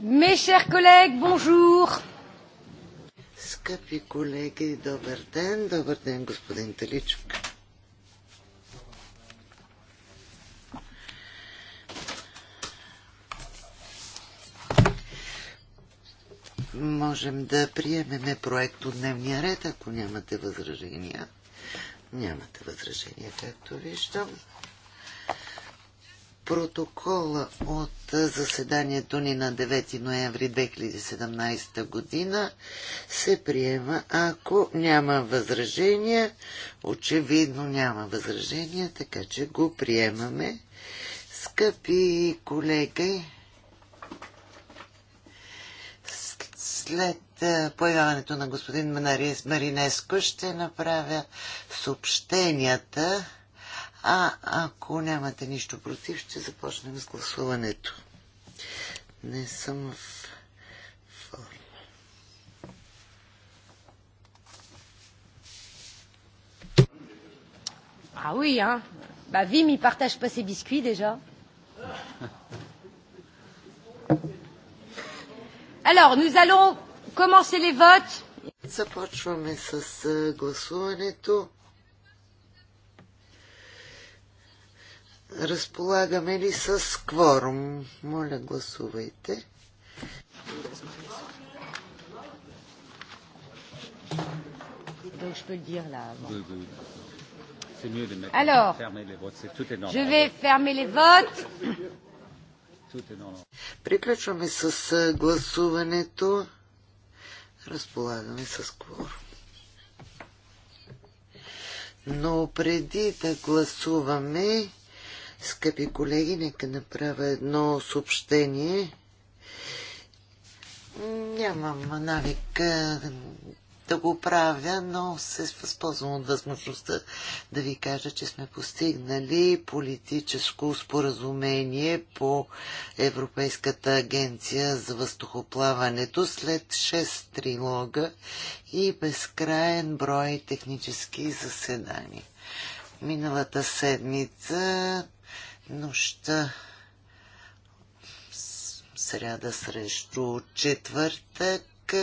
Mes chers collègues, bonjour! Скъпи колеги, добър ден! Добър ден, господин Таличук! Можем да приемеме проект от дневния ред, ако нямате възражения. Нямате възражения, както виждам протокола от заседанието ни на 9 ноември 2017 година се приема, ако няма възражения. Очевидно няма възражения, така че го приемаме. Скъпи колеги, след появяването на господин Маринеско ще направя съобщенията а ако нямате нищо против, ще започнем с гласуването. Не съм в форма. Ah oui, hein. Bah, Vim, il partage pas ses biscuits déjà. Alors, nous allons commencer les votes. Започваме с гласуването. Разполагаме ли с кворум? Моля, гласувайте. Alors, je vais fermer les votes. Приключваме с гласуването. Разполагаме с кворум. Но преди да гласуваме, Скъпи колеги, нека направя едно съобщение. Нямам навик да го правя, но се възползвам от възможността да ви кажа, че сме постигнали политическо споразумение по Европейската агенция за въздухоплаването след 6 трилога и безкраен брой технически заседания. Миналата седмица нощта сряда срещу четвъртък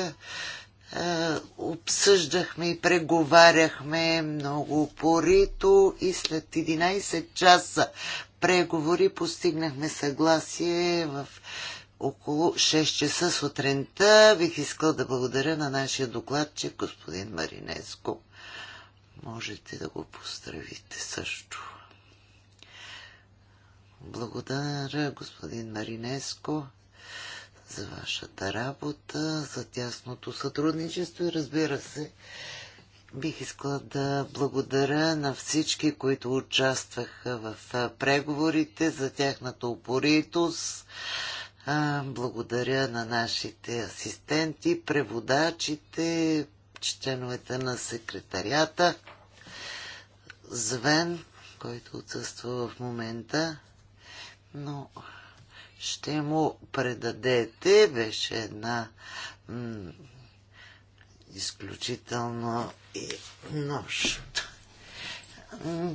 обсъждахме и преговаряхме много порито и след 11 часа преговори постигнахме съгласие в около 6 часа сутринта. Бих искал да благодаря на нашия докладчик господин Маринеско. Можете да го поздравите също. Благодаря, господин Маринеско, за вашата работа, за тясното сътрудничество и разбира се, бих искала да благодаря на всички, които участваха в преговорите, за тяхната упоритост. Благодаря на нашите асистенти, преводачите, членовете на секретарията. Звен, който отсъства в момента но ще му предадете. Беше една изключително и нощ.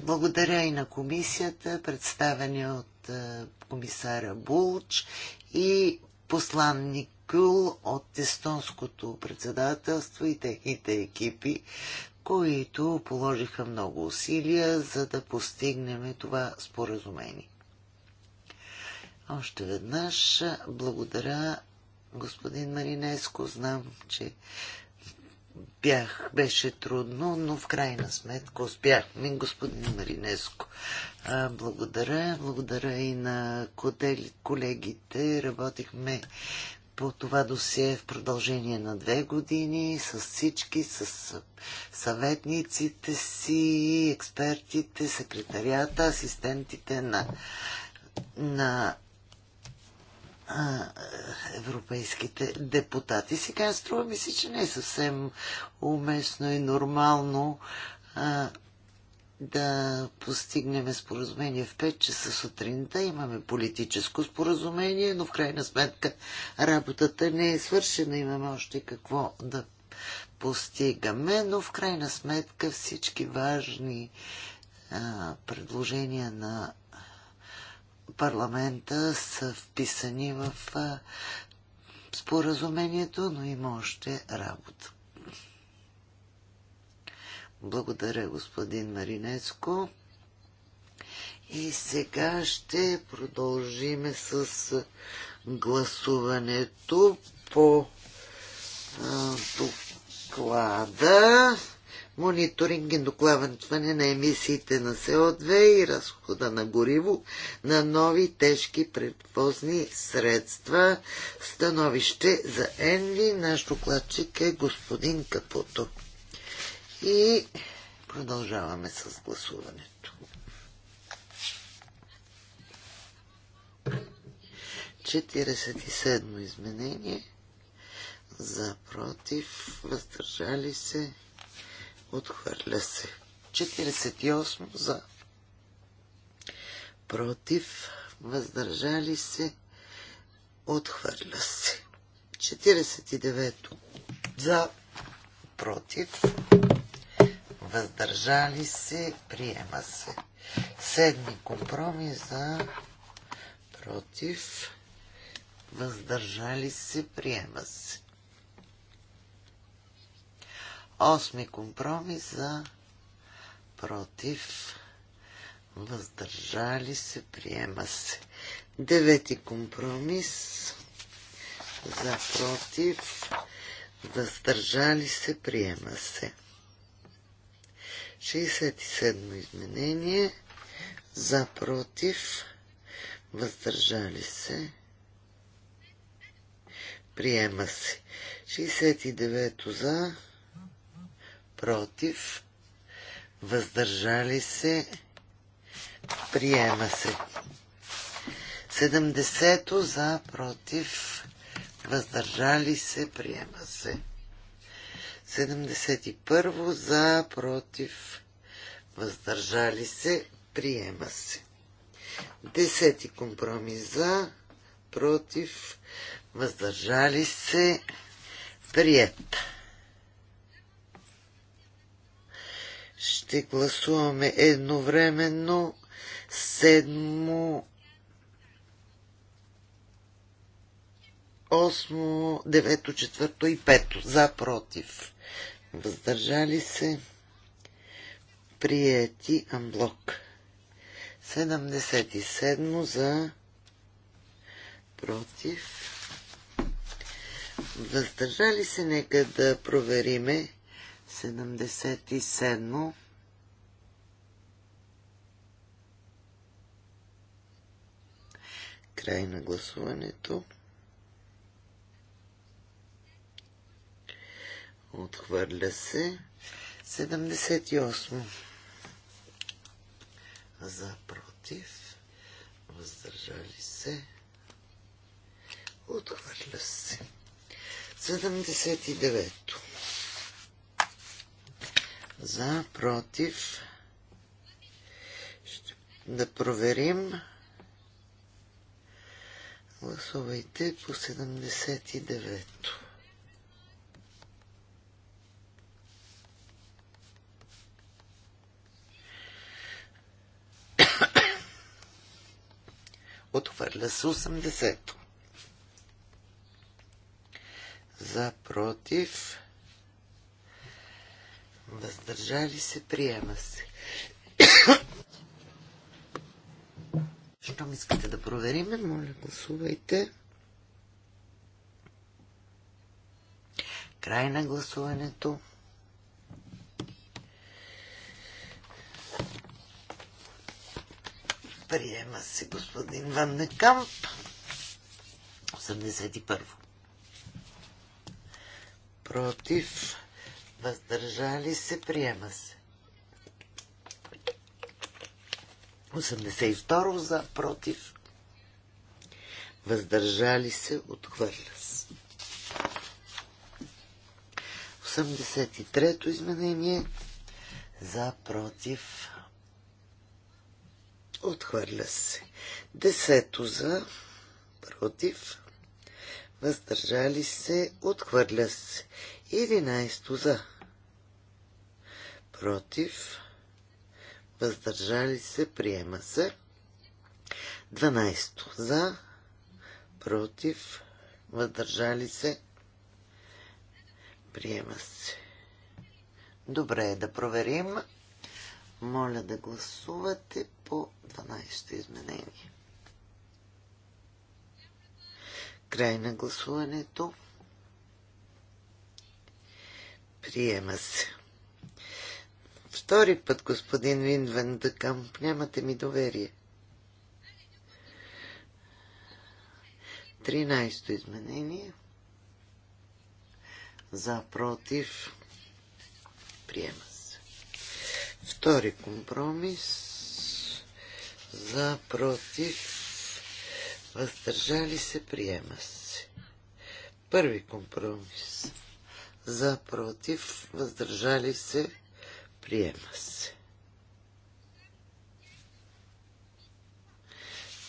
Благодаря и на комисията, представени от е, комисара Булч и посланник Кюл от естонското председателство и техните екипи, които положиха много усилия, за да постигнем това споразумение. Още веднъж благодаря господин Маринеско. Знам, че бях, беше трудно, но в крайна сметка успяхме, господин Маринеско. А, благодаря, благодаря и на колегите. Работихме по това досие в продължение на две години с всички, с съветниците си, експертите, секретарията, асистентите на, на а, европейските депутати. Сега струва ми се, че не е съвсем уместно и нормално а, да постигнем споразумение в 5 часа сутринта. Имаме политическо споразумение, но в крайна сметка работата не е свършена. Имаме още какво да постигаме, но в крайна сметка всички важни а, предложения на парламента са вписани в споразумението, но има още работа. Благодаря, господин Маринецко. И сега ще продължиме с гласуването по доклада мониторинг и докладване на емисиите на СО2 и разхода на гориво на нови тежки предпозни средства. Становище за Енви. Наш докладчик е господин Капуто. И продължаваме с гласуването. Четиридесет и седмо изменение за против, въздържали се Отхвърля се. 48 за. Против. Въздържали се. Отхвърля се. 49 за. Против. Въздържали се. Приема се. Седми компромис за. Против. Въздържали се. Приема се. Осми компромис за против. Въздържали се, приема се. Девети компромис за против. Въздържали се, приема се. 67 изменение за против. Въздържали се. Приема се. 69 за против, въздържали се, приема се. 70 за, против, въздържали се, приема се. 71 за, против, въздържали се, приема се. Десети компромис за, против, въздържали се, приета. Ще гласуваме едновременно седмо, осмо, девето, четвърто и пето. За, против. Въздържали се. Приети амблок. 77 за против. Въздържали се, нека да провериме 77. Край на гласуването. Отхвърля се. 78. За против. Въздържали се. Отхвърля се. 79-то. За, против. Ще да проверим. Гласувайте по 79-то. Отвърля се 80-то. За, против въздържали се, приема се. Щом искате да проверим, моля, гласувайте. Край на гласуването. Приема се господин Ван Некамп. 81. Против въздържали се, приема се. 82 за, против, въздържали се, отхвърля се. 83-то изменение за, против, отхвърля се. Десето за, против, въздържали се, отхвърля се. 11 за. Против. Въздържали се. Приема се. 12 за. Против. Въздържали се. Приема се. Добре, да проверим. Моля да гласувате по 12 то изменение. Край на гласуването. Приема се. Втори път, господин Винвен Дъкъм, нямате ми доверие. Тринайсто изменение. За, против. Приема се. Втори компромис. За, против. Въздържали се, приема се. Първи компромис за против, въздържали се, приема се.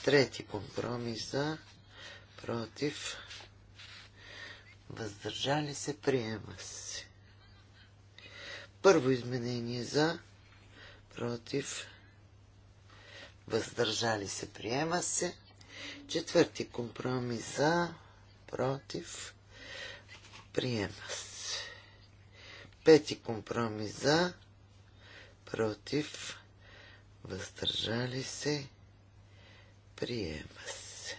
Трети компромис за против, въздържали се, приема се. Първо изменение за против, въздържали се, приема се. Четвърти компромис за против, приема се. Пети компромис за, против, въздържали се, приема се.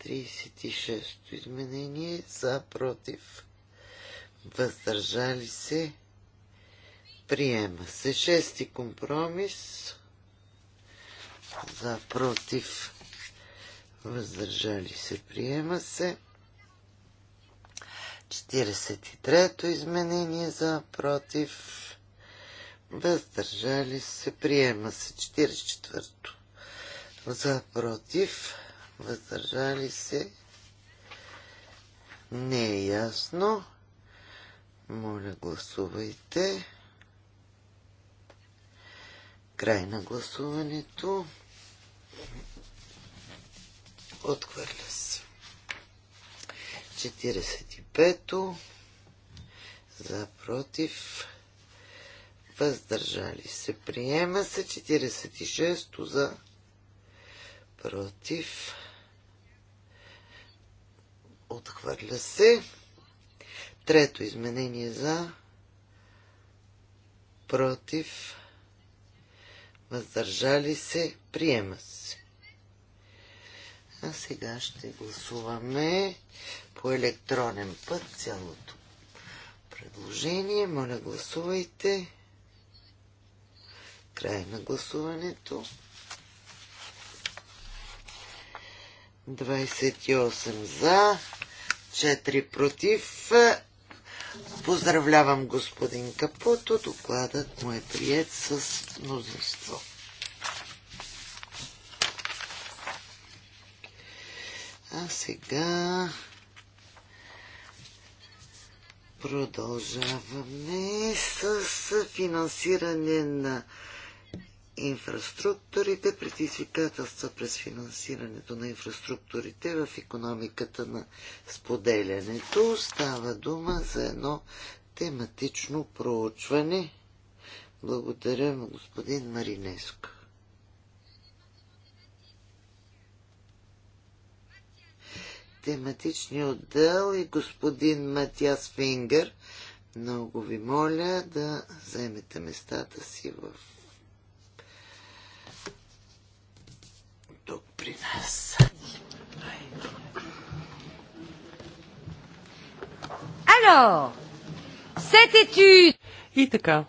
36-то изменение за, против, въздържали се, приема се. Шести компромис за, против, въздържали се, приема се. 43-то изменение за против. Въздържали се. Приема се. 44-то за против. Въздържали се. Не е ясно. Моля, гласувайте. Край на гласуването. Отхвърля се. 45-то за против въздържали се. Приема се 46-то за против отхвърля се. Трето изменение за против въздържали се. Приема се. А сега ще гласуваме по електронен път цялото предложение. Моля, гласувайте. Край на гласуването. 28 за, 4 против. Поздравлявам господин Капото. Докладът му е прият с мнозинство. А сега продължаваме с финансиране на инфраструктурите, предизвикателства през финансирането на инфраструктурите в економиката на споделянето. Става дума за едно тематично проучване. Благодаря, господин Маринеско. тематичния отдел и господин Матиас Фингър. Много ви моля да вземете местата си в тук при нас. Alors, cette И така,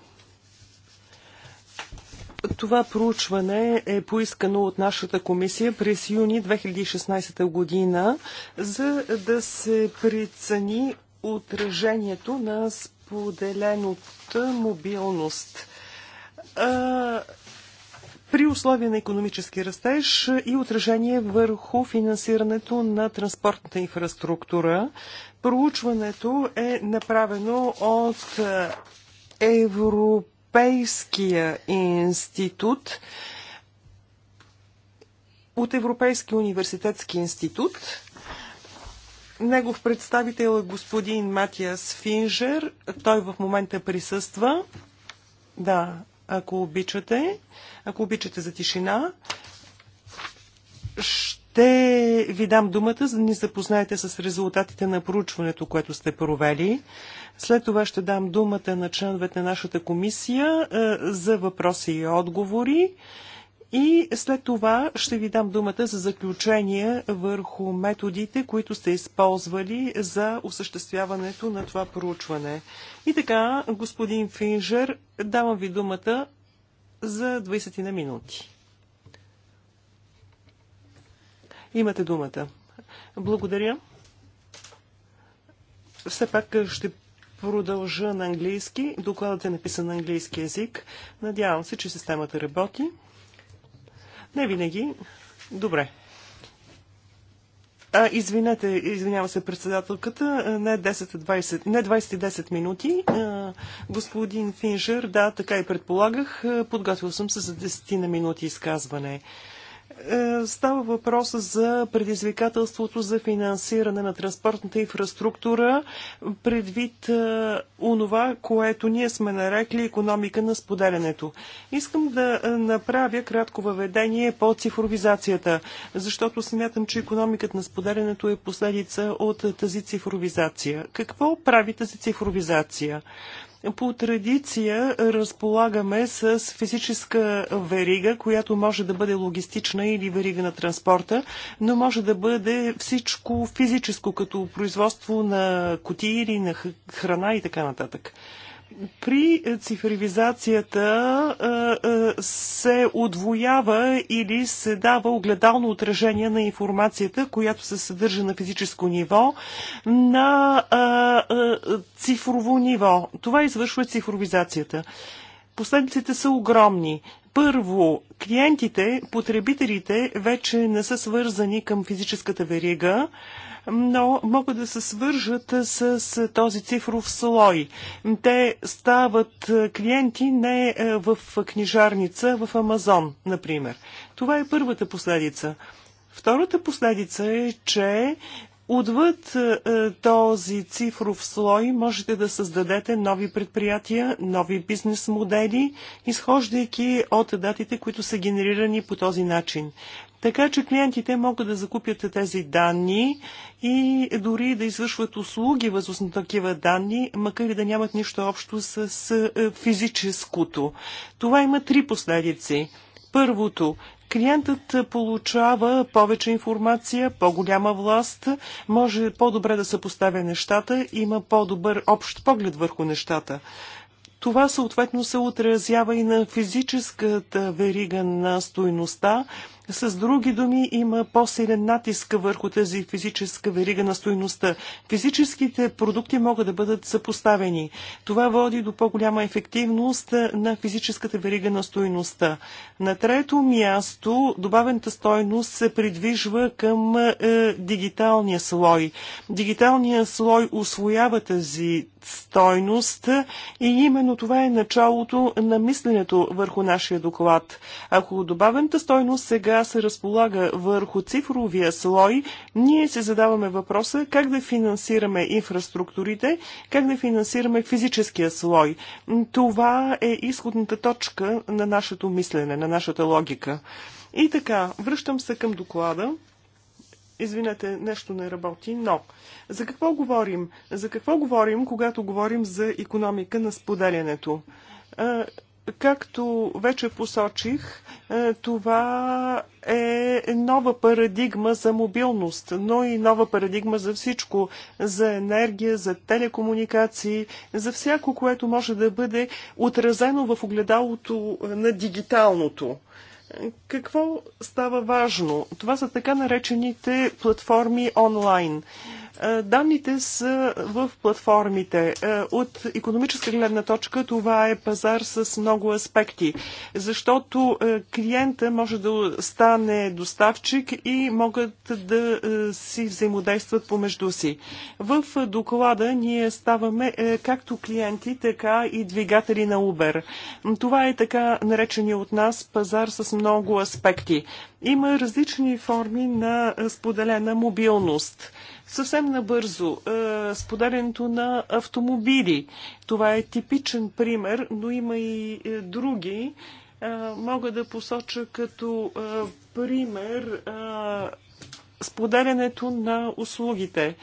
това проучване е поискано от нашата комисия през юни 2016 година, за да се прецени отражението на споделеното мобилност при условия на економически растеж и отражение върху финансирането на транспортната инфраструктура. Проучването е направено от Европа Европейския институт, от Европейския университетски институт. Негов представител е господин Матиас Финжер. Той в момента присъства. Да, ако обичате, ако обичате за тишина. Ще ви дам думата, за да ни запознаете с резултатите на проучването, което сте провели. След това ще дам думата на членовете на нашата комисия е, за въпроси и отговори. И след това ще ви дам думата за заключение върху методите, които сте използвали за осъществяването на това проучване. И така, господин Финжер, давам ви думата за 20 на минути. Имате думата. Благодаря. Все пак е, ще продължа на английски. Докладът е написан на английски язик. Надявам се, че системата работи. Не винаги. Добре. А, извинете, извинява се председателката, не 10-20, не 20-10 минути. А, господин Финжер, да, така и предполагах, подготвил съм се за 10 на минути изказване. Е, става въпрос за предизвикателството за финансиране на транспортната инфраструктура предвид е, онова, което ние сме нарекли економика на споделянето. Искам да е, направя кратко въведение по цифровизацията, защото смятам, че економиката на споделянето е последица от тази цифровизация. Какво прави тази цифровизация? По традиция разполагаме с физическа верига, която може да бъде логистична или верига на транспорта, но може да бъде всичко физическо, като производство на кутии или на храна и така нататък при цифровизацията се отвоява или се дава огледално отражение на информацията, която се съдържа на физическо ниво, на цифрово ниво. Това извършва цифровизацията. Последиците са огромни. Първо, клиентите, потребителите вече не са свързани към физическата верига но могат да се свържат с този цифров слой. Те стават е, клиенти не е, в книжарница, в Амазон, например. Това е първата последица. Втората последица е, че Отвъд е, този цифров слой можете да създадете нови предприятия, нови бизнес модели, изхождайки от датите, които са генерирани по този начин. Така че клиентите могат да закупят тези данни и дори да извършват услуги въз на такива данни, макар и да нямат нищо общо с е, физическото. Това има три последици. Първото, клиентът получава повече информация, по-голяма власт, може по-добре да се поставя нещата, има по-добър общ поглед върху нещата. Това съответно се отразява и на физическата верига на стойността, с други думи, има по-силен натиск върху тази физическа верига на стоеността. Физическите продукти могат да бъдат съпоставени. Това води до по-голяма ефективност на физическата верига на стоеността. На трето място, добавената стоеност се придвижва към е, дигиталния слой. Дигиталният слой освоява тази стойност и именно това е началото на мисленето върху нашия доклад. Ако добавената стойност сега се разполага върху цифровия слой, ние се задаваме въпроса как да финансираме инфраструктурите, как да финансираме физическия слой. Това е изходната точка на нашето мислене, на нашата логика. И така, връщам се към доклада. Извинете, нещо не работи, но за какво говорим? За какво говорим, когато говорим за економика на споделянето? Както вече посочих, е, това е нова парадигма за мобилност, но и нова парадигма за всичко, за енергия, за телекомуникации, за всяко, което може да бъде отразено в огледалото е, на дигиталното. Е, какво става важно? Това са така наречените платформи онлайн. Е, данните са в платформите. Е, от економическа гледна точка това е пазар с много аспекти, защото е, клиента може да стане доставчик и могат да си взаимодействат помежду си. В доклада ние ставаме както клиенти, така и двигатели на Uber. Това е така наречения от нас пазар с много аспекти. Има различни форми на споделена мобилност Съвсем набързо, е, споделянето на автомобили. Това е типичен пример, но има и е, други. Е, мога да посоча като пример споделянето на услугите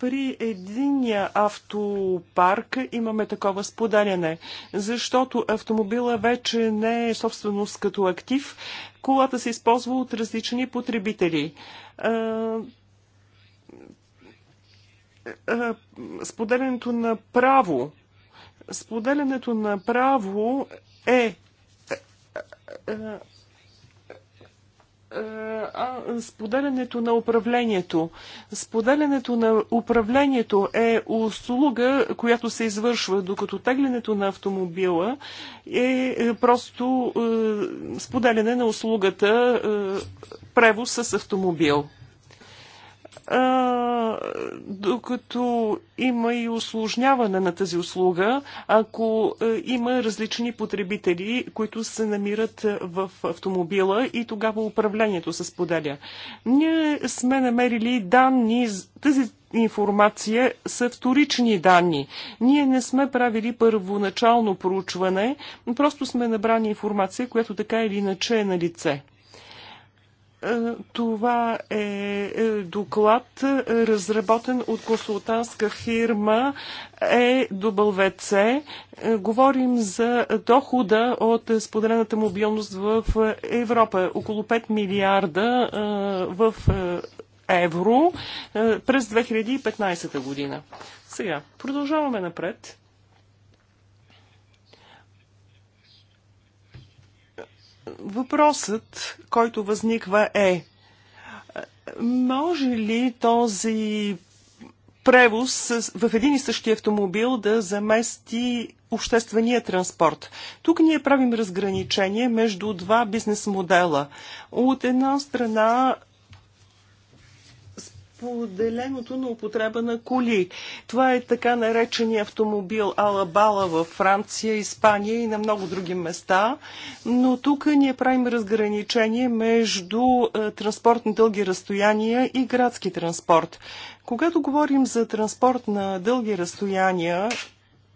при единия автопарк имаме такова споделяне, защото автомобила вече не е собственост като актив, колата се използва от различни потребители. Е, споделянето на право. Споделянето на право е, е, е споделянето на управлението. Споделянето на управлението е услуга, която се извършва, докато теглянето на автомобила е просто споделяне на услугата превоз с автомобил докато има и осложняване на тази услуга, ако е, има различни потребители, които се намират в автомобила и тогава управлението се споделя. Ние сме намерили данни, тази информация са вторични данни. Ние не сме правили първоначално проучване, просто сме набрани информация, която така или иначе е на лице. Е, това е, е доклад, е, разработен от консултантска фирма EWC. Говорим за дохода от споделената мобилност в Европа. Около 5 милиарда в евро през 2015 година. Сега, продължаваме напред. Въпросът, който възниква е, може ли този превоз в един и същи автомобил да замести обществения транспорт. Тук ние правим разграничение между два бизнес модела. От една страна Поделеното на употреба на коли. Това е така наречения автомобил Алабала във Франция, Испания и на много други места. Но тук ние правим разграничение между е, транспорт на дълги разстояния и градски транспорт. Когато говорим за транспорт на дълги разстояния,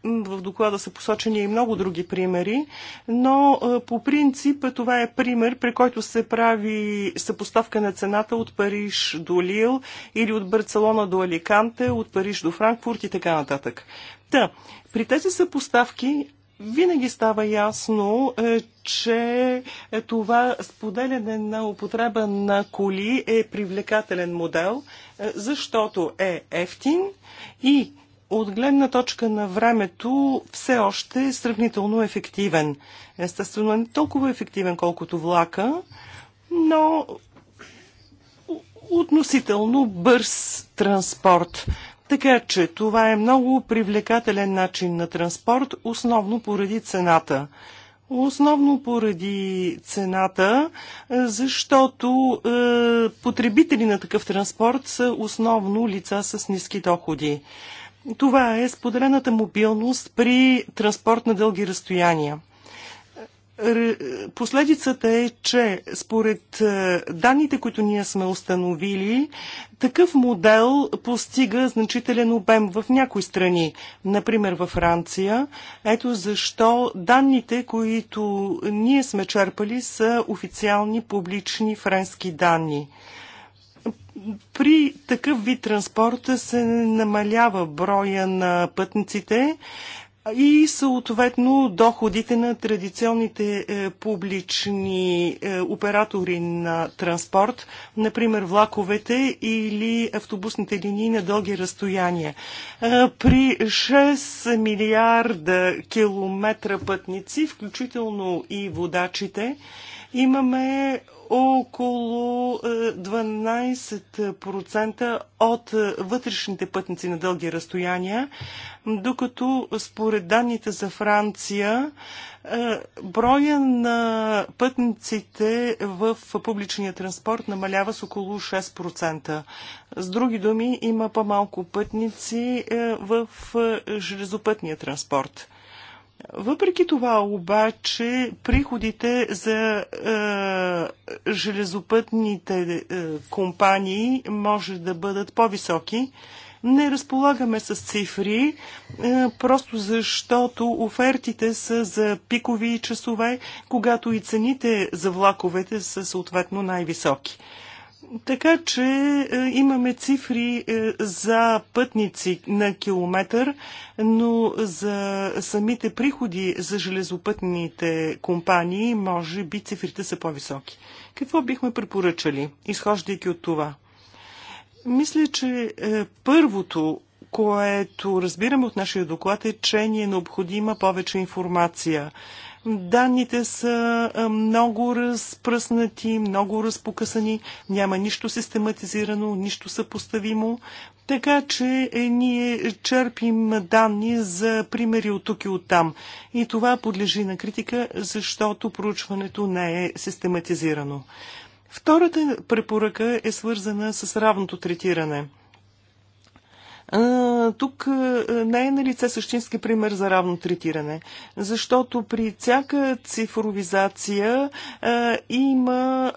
в доклада са посочени и много други примери, но е, по принцип това е пример, при който се прави съпоставка на цената от Париж до Лил или от Барселона до Аликанте, от Париж до Франкфурт и така нататък. Та, при тези съпоставки винаги става ясно, е, че е, това споделяне на употреба на коли е привлекателен модел, защото е ефтин и от гледна точка на времето все още е сравнително ефективен. Естествено, е не толкова ефективен, колкото влака, но относително бърз транспорт. Така че това е много привлекателен начин на транспорт, основно поради цената. Основно поради цената, защото е, потребители на такъв транспорт са основно лица с ниски доходи. Това е споделената мобилност при транспорт на дълги разстояния. Последицата е, че според е, данните, които ние сме установили, такъв модел постига значителен обем в някои страни, например във Франция. Ето защо данните, които ние сме черпали, са официални публични френски данни. При такъв вид транспорта се намалява броя на пътниците и съответно доходите на традиционните е, публични е, оператори на транспорт, например влаковете или автобусните линии на дълги разстояния. Е, при 6 милиарда километра пътници, включително и водачите, имаме около 12% е, от е, вътрешните пътници на дълги разстояния, докато според данните за Франция, е, броя на пътниците в публичния транспорт намалява с около 6%. С други думи, има по-малко пътници в железопътния транспорт. Въпреки това обаче приходите за е, железопътните е, компании може да бъдат по-високи. Не разполагаме с цифри, е, просто защото офертите са за пикови часове, когато и цените за влаковете са съответно най-високи. Така че е, имаме цифри е, за пътници на километър, но за самите приходи за железопътните компании, може би цифрите са по-високи. Какво бихме препоръчали, изхождайки от това? Мисля, че е, първото, което разбираме от нашия доклад е, че ни е необходима повече информация. Данните са много разпръснати, много разпокъсани, няма нищо систематизирано, нищо съпоставимо. Така че е, ние черпим данни за примери от тук и от там. И това подлежи на критика, защото проучването не е систематизирано. Втората препоръка е свързана с равното третиране – тук не е на лице същински пример за равно третиране, защото при всяка цифровизация има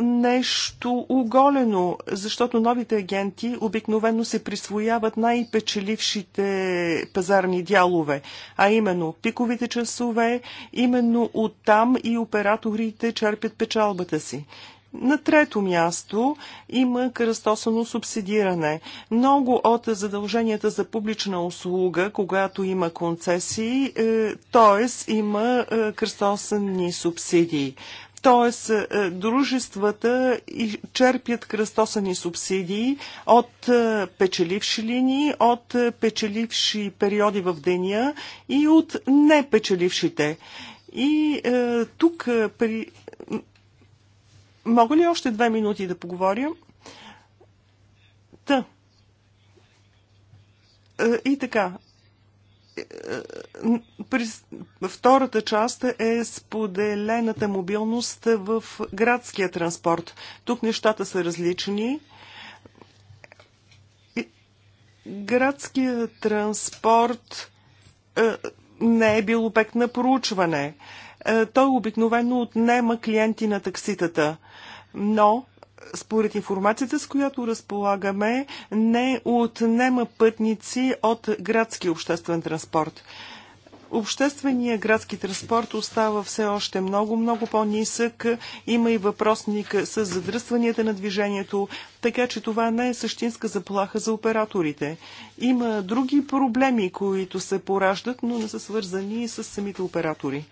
нещо оголено, защото новите агенти обикновено се присвояват най-печелившите пазарни дялове, а именно пиковите часове, именно оттам и операторите черпят печалбата си. На трето място има кръстосано субсидиране. Много от задълженията за публична услуга, когато има концесии, т.е. има е, кръстосани субсидии. Т.е. Е, дружествата черпят кръстосани субсидии от е, печеливши линии, от печеливши периоди в деня и от непечелившите. И е, тук при Мога ли още две минути да поговоря? Та. Е, и така. Е, е, втората част е споделената мобилност в градския транспорт. Тук нещата са различни. Градския транспорт не е бил обект на проучване. Той обикновено отнема клиенти на такситата но според информацията, с която разполагаме, не отнема пътници от градски обществен транспорт. Общественият градски транспорт остава все още много, много по-нисък. Има и въпросник с задръстванията на движението, така че това не е същинска заплаха за операторите. Има други проблеми, които се пораждат, но не са свързани с самите оператори.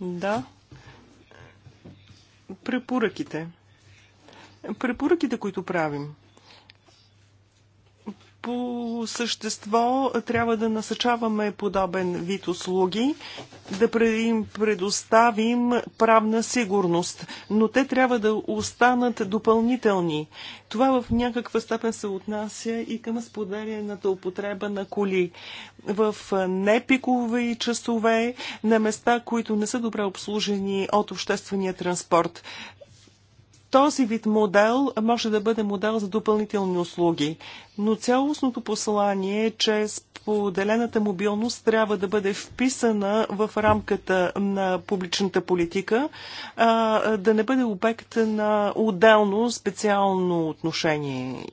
Да. Препоръките. Препоръките, които правим по същество трябва да насъчаваме подобен вид услуги, да им предоставим правна сигурност, но те трябва да останат допълнителни. Това в някаква степен се отнася и към споделената употреба на коли. В непикови часове, на места, които не са добре обслужени от обществения транспорт. Този вид модел може да бъде модел за допълнителни услуги, но цялостното послание е, че споделената мобилност трябва да бъде вписана в рамката на публичната политика, а, да не бъде обект на отделно специално отношение.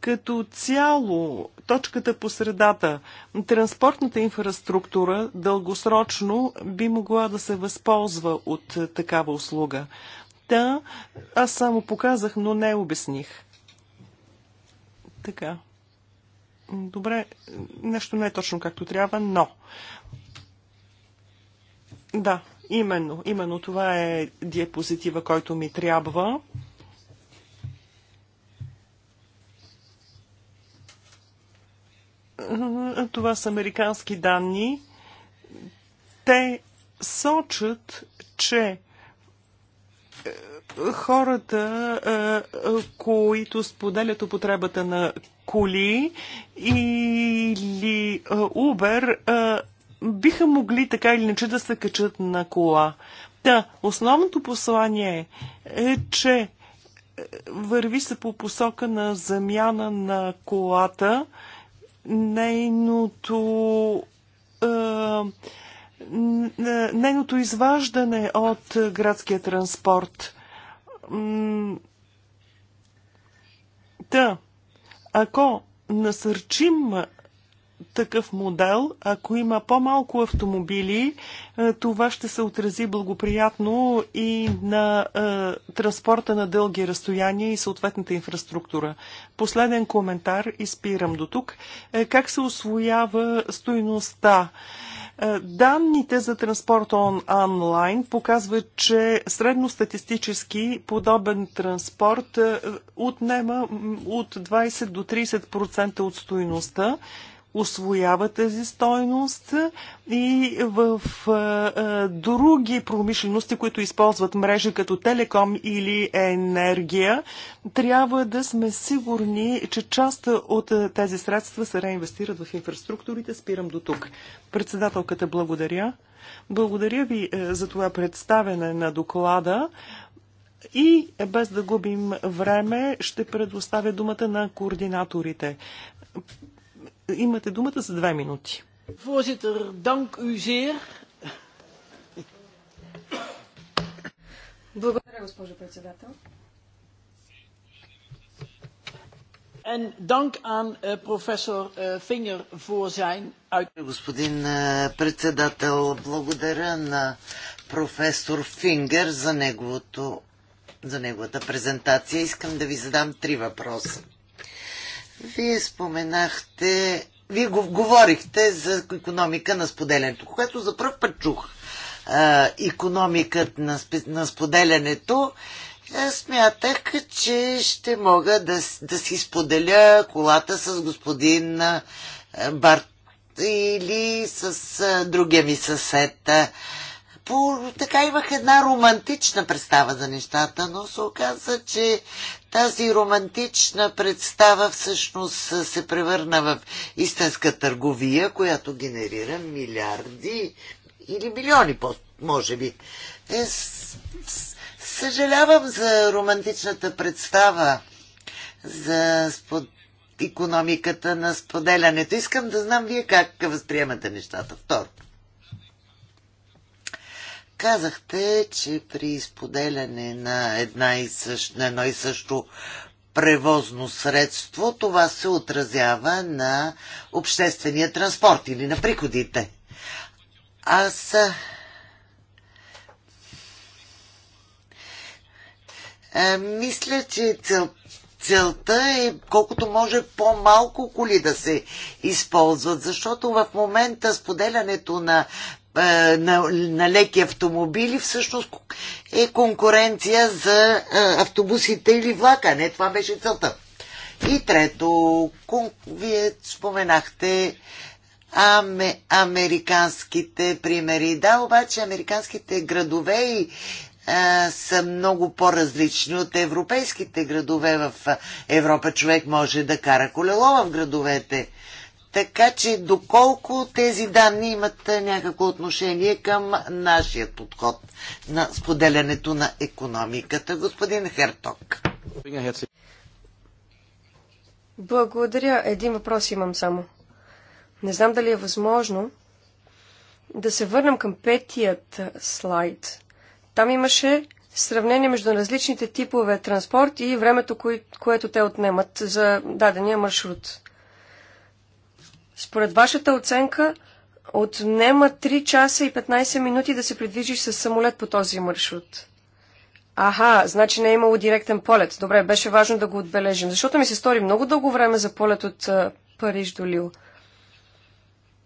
Като цяло, точката по средата, транспортната инфраструктура дългосрочно би могла да се възползва от такава услуга. Да, аз само показах, но не обясних. Така. Добре, нещо не е точно както трябва, но. Да, именно, именно това е диапозитива, който ми трябва. Това са американски данни. Те сочат, че хората, е, които споделят употребата на коли или е, Uber, е, биха могли така или иначе да се качат на кола. да, основното послание е, че върви се по посока на замяна на колата, нейното е, нейното изваждане от градския транспорт. Та, ако насърчим такъв модел, ако има по-малко автомобили, е, това ще се отрази благоприятно и на е, транспорта на дълги разстояния и съответната инфраструктура. Последен коментар и спирам до тук. Е, как се освоява стойността? Е, данните за транспорт он онлайн показват, че средностатистически подобен транспорт е, отнема от 20 до 30% от стоиността, освоява тази стойност и в а, други промишлености, които използват мрежи като телеком или енергия, трябва да сме сигурни, че част от тези средства се реинвестират в инфраструктурите. Спирам до тук. Председателката, благодаря. Благодаря ви за това представене на доклада. И без да губим време, ще предоставя думата на координаторите. Имате думата за две минути. Voorzitter, dank u zeer. Благодаря, госпожо председател. En dank aan eh, professor Вингер eh, voor zijn Господин е, председател, благодаря на професор Фингер за, неговото, за неговата презентация. Искам да ви задам три въпроса. Вие споменахте, вие го, говорихте за економика на споделянето, което за първ път чух. економикът на, на споделянето смятах, че ще мога да, да си споделя колата с господин Барт или с другия ми съсед. По, така имах една романтична представа за нещата, но се оказа, че тази романтична представа всъщност се превърна в истинска търговия, която генерира милиарди или милиони, може би. Е, съжалявам за романтичната представа за спод... економиката на споделянето. Искам да знам вие как възприемате нещата. Второ. Казахте, че при изподеляне на, една и същ, на едно и също превозно средство, това се отразява на обществения транспорт или на приходите. Аз а, мисля, че цел, целта е колкото може по-малко коли да се използват, защото в момента споделянето на е, на, на леки автомобили всъщност е конкуренция за е, автобусите или влака. Не, това беше целта. И трето, кон... вие споменахте аме... американските примери. Да, обаче американските градове и е, са много по-различни от европейските градове в Европа. Човек може да кара колело в градовете така че доколко тези данни имат е, някакво отношение към нашия подход на споделянето на економиката, господин Херток. Благодаря. Един въпрос имам само. Не знам дали е възможно да се върнем към петият слайд. Там имаше сравнение между различните типове транспорт и времето, кое, което те отнемат за дадения маршрут. Според вашата оценка, отнема 3 часа и 15 минути да се придвижиш с самолет по този маршрут. Аха, значи не е имало директен полет. Добре, беше важно да го отбележим, защото ми се стори много дълго време за полет от а, Париж до Лил.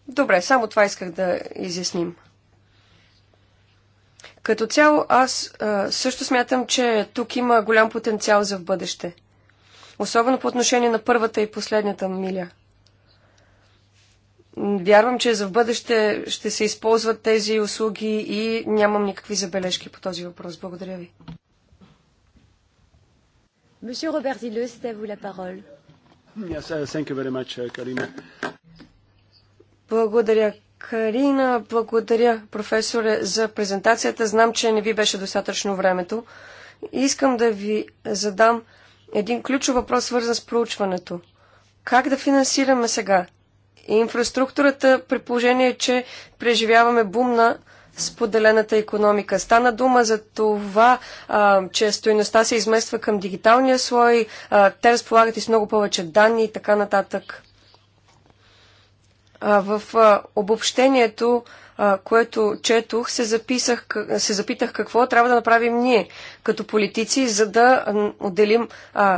Добре, само това исках да изясним. Като цяло, аз а, също смятам, че тук има голям потенциал за в бъдеще. Особено по отношение на първата и последната миля – Вярвам, че за в бъдеще ще се използват тези услуги и нямам никакви забележки по този въпрос. Благодаря ви. Monsieur Robert Zilleux, c'est à vous la parole. Yes, uh, thank you very much, uh, Karina. Благодаря, Карина. Благодаря, професоре, за презентацията. Знам, че не ви беше достатъчно времето. Искам да ви задам един ключов въпрос, свързан с проучването. Как да финансираме сега? инфраструктурата, при положение, че преживяваме бум на споделената економика. Стана дума за това, а, че стоеността се измества към дигиталния слой, а, те разполагат и с много повече данни и така нататък. А, в а, обобщението което четох, се, записах, се запитах какво трябва да направим ние като политици, за да отделим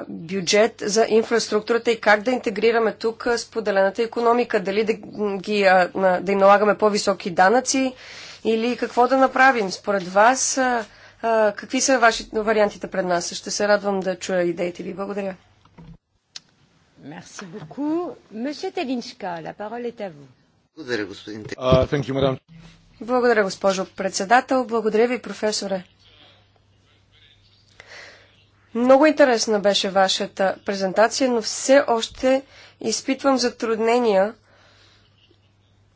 бюджет за инфраструктурата и как да интегрираме тук споделената економика, дали да, ги, да им налагаме по-високи данъци или какво да направим. Според вас, какви са вашите вариантите пред нас? Ще се радвам да чуя идеите ви. Благодаря. Merci beaucoup. Monsieur Telinchka, la parole est à vous. Благодаря, господин uh, Благодаря, госпожо председател. Благодаря ви, професоре. Много интересна беше вашата презентация, но все още изпитвам затруднения.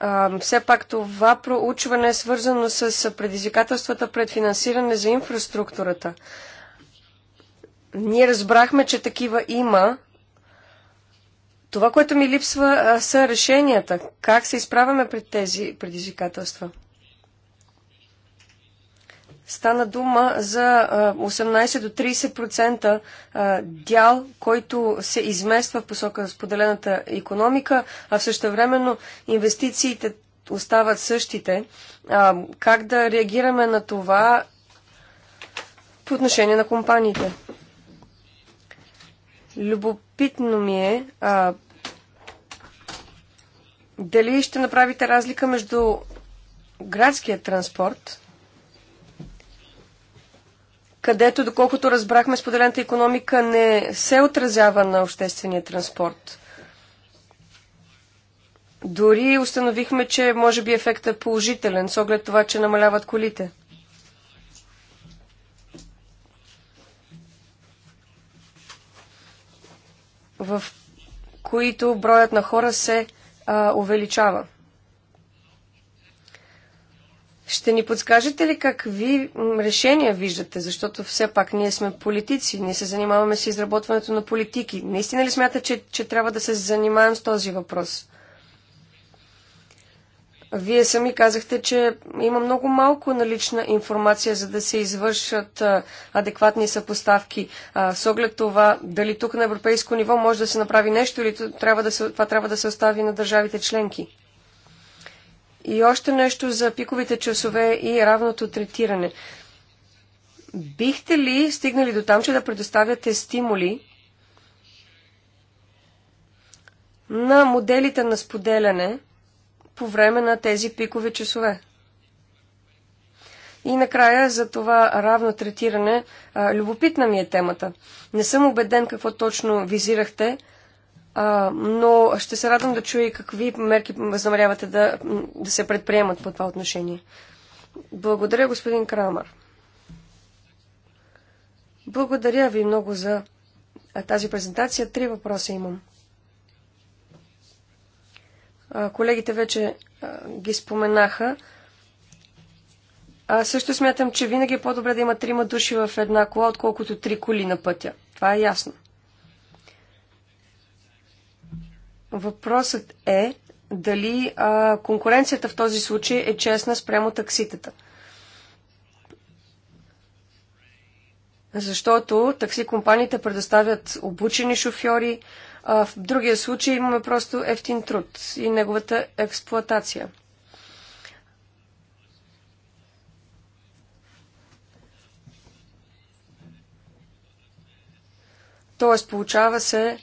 А, все пак това проучване е свързано с предизвикателствата пред финансиране за инфраструктурата. Ние разбрахме, че такива има, това, което ми липсва, са решенията. Как се изправяме пред тези предизвикателства? Стана дума за 18 до 30% дял, който се измества в посока споделената економика, а в същевременно инвестициите остават същите. Как да реагираме на това по отношение на компаниите? Любопитно ми е а, дали ще направите разлика между градския транспорт, където, доколкото разбрахме, споделената економика не се отразява на обществения транспорт. Дори установихме, че може би ефектът е положителен, с оглед това, че намаляват колите. в които броят на хора се а, увеличава. Ще ни подскажете ли какви решения виждате, защото все пак ние сме политици, ние се занимаваме с изработването на политики. Наистина ли смятате, че, че трябва да се занимаем с този въпрос? Вие сами казахте, че има много малко налична информация, за да се извършат адекватни съпоставки. С оглед това, дали тук на европейско ниво може да се направи нещо или трябва да се, това трябва да се остави на държавите членки? И още нещо за пиковите часове и равното третиране. Бихте ли стигнали до там, че да предоставяте стимули на моделите на споделяне – по време на тези пикови часове. И накрая за това равно третиране, а, любопитна ми е темата. Не съм убеден какво точно визирахте, а, но ще се радвам да чуя и какви мерки възнамерявате да, да се предприемат по това отношение. Благодаря, господин Крамар. Благодаря ви много за тази презентация. Три въпроса имам. Колегите вече ги споменаха. А също смятам, че винаги е по-добре да има трима души в една кола, отколкото три коли на пътя. Това е ясно. Въпросът е дали а, конкуренцията в този случай е честна спрямо такситата. Защото такси компаниите предоставят обучени шофьори, а в другия случай имаме просто ефтин труд и неговата експлоатация. Тоест, получава се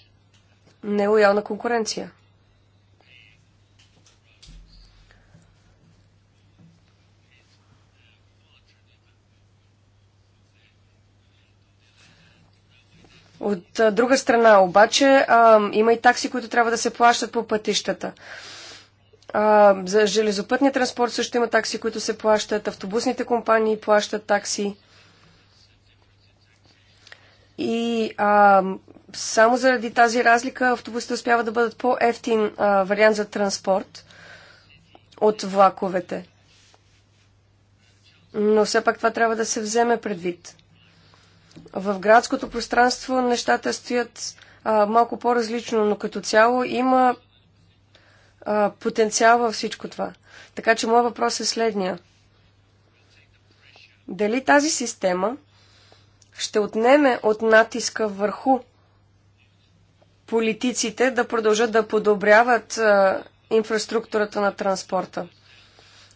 нелоялна конкуренция. От друга страна, обаче, а, има и такси, които трябва да се плащат по пътищата. А, за железопътния транспорт също има такси, които се плащат. Автобусните компании плащат такси. И а, само заради тази разлика автобусите успяват да бъдат по-ефтин вариант за транспорт от влаковете. Но все пак това трябва да се вземе предвид. В градското пространство нещата стоят а, малко по-различно, но като цяло има а, потенциал във всичко това. Така че моят въпрос е следния. Дали тази система ще отнеме от натиска върху политиците да продължат да подобряват а, инфраструктурата на транспорта?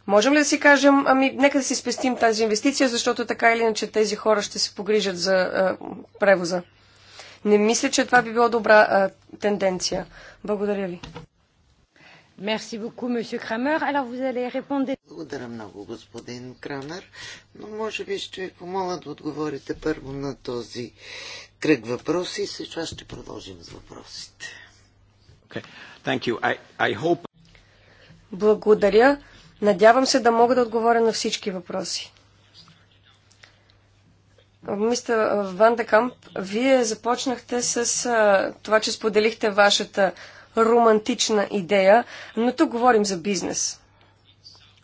Можем ли да си кажем, ами нека да си спестим тази инвестиция, защото така или иначе тези хора ще се погрижат за а, превоза? Не мисля, че това би било добра а, тенденция. Благодаря ви. Merci beaucoup, monsieur Kramer. Alors, vous allez répondre... Благодаря много, господин Крамер, но може би ще ви помоля да отговорите първо на този кръг въпроси и след това ще продължим с въпросите. Okay. Thank you. I, I hope... Благодаря. Надявам се да мога да отговоря на всички въпроси. Мистер Ван вие започнахте с а, това, че споделихте вашата романтична идея, но тук говорим за бизнес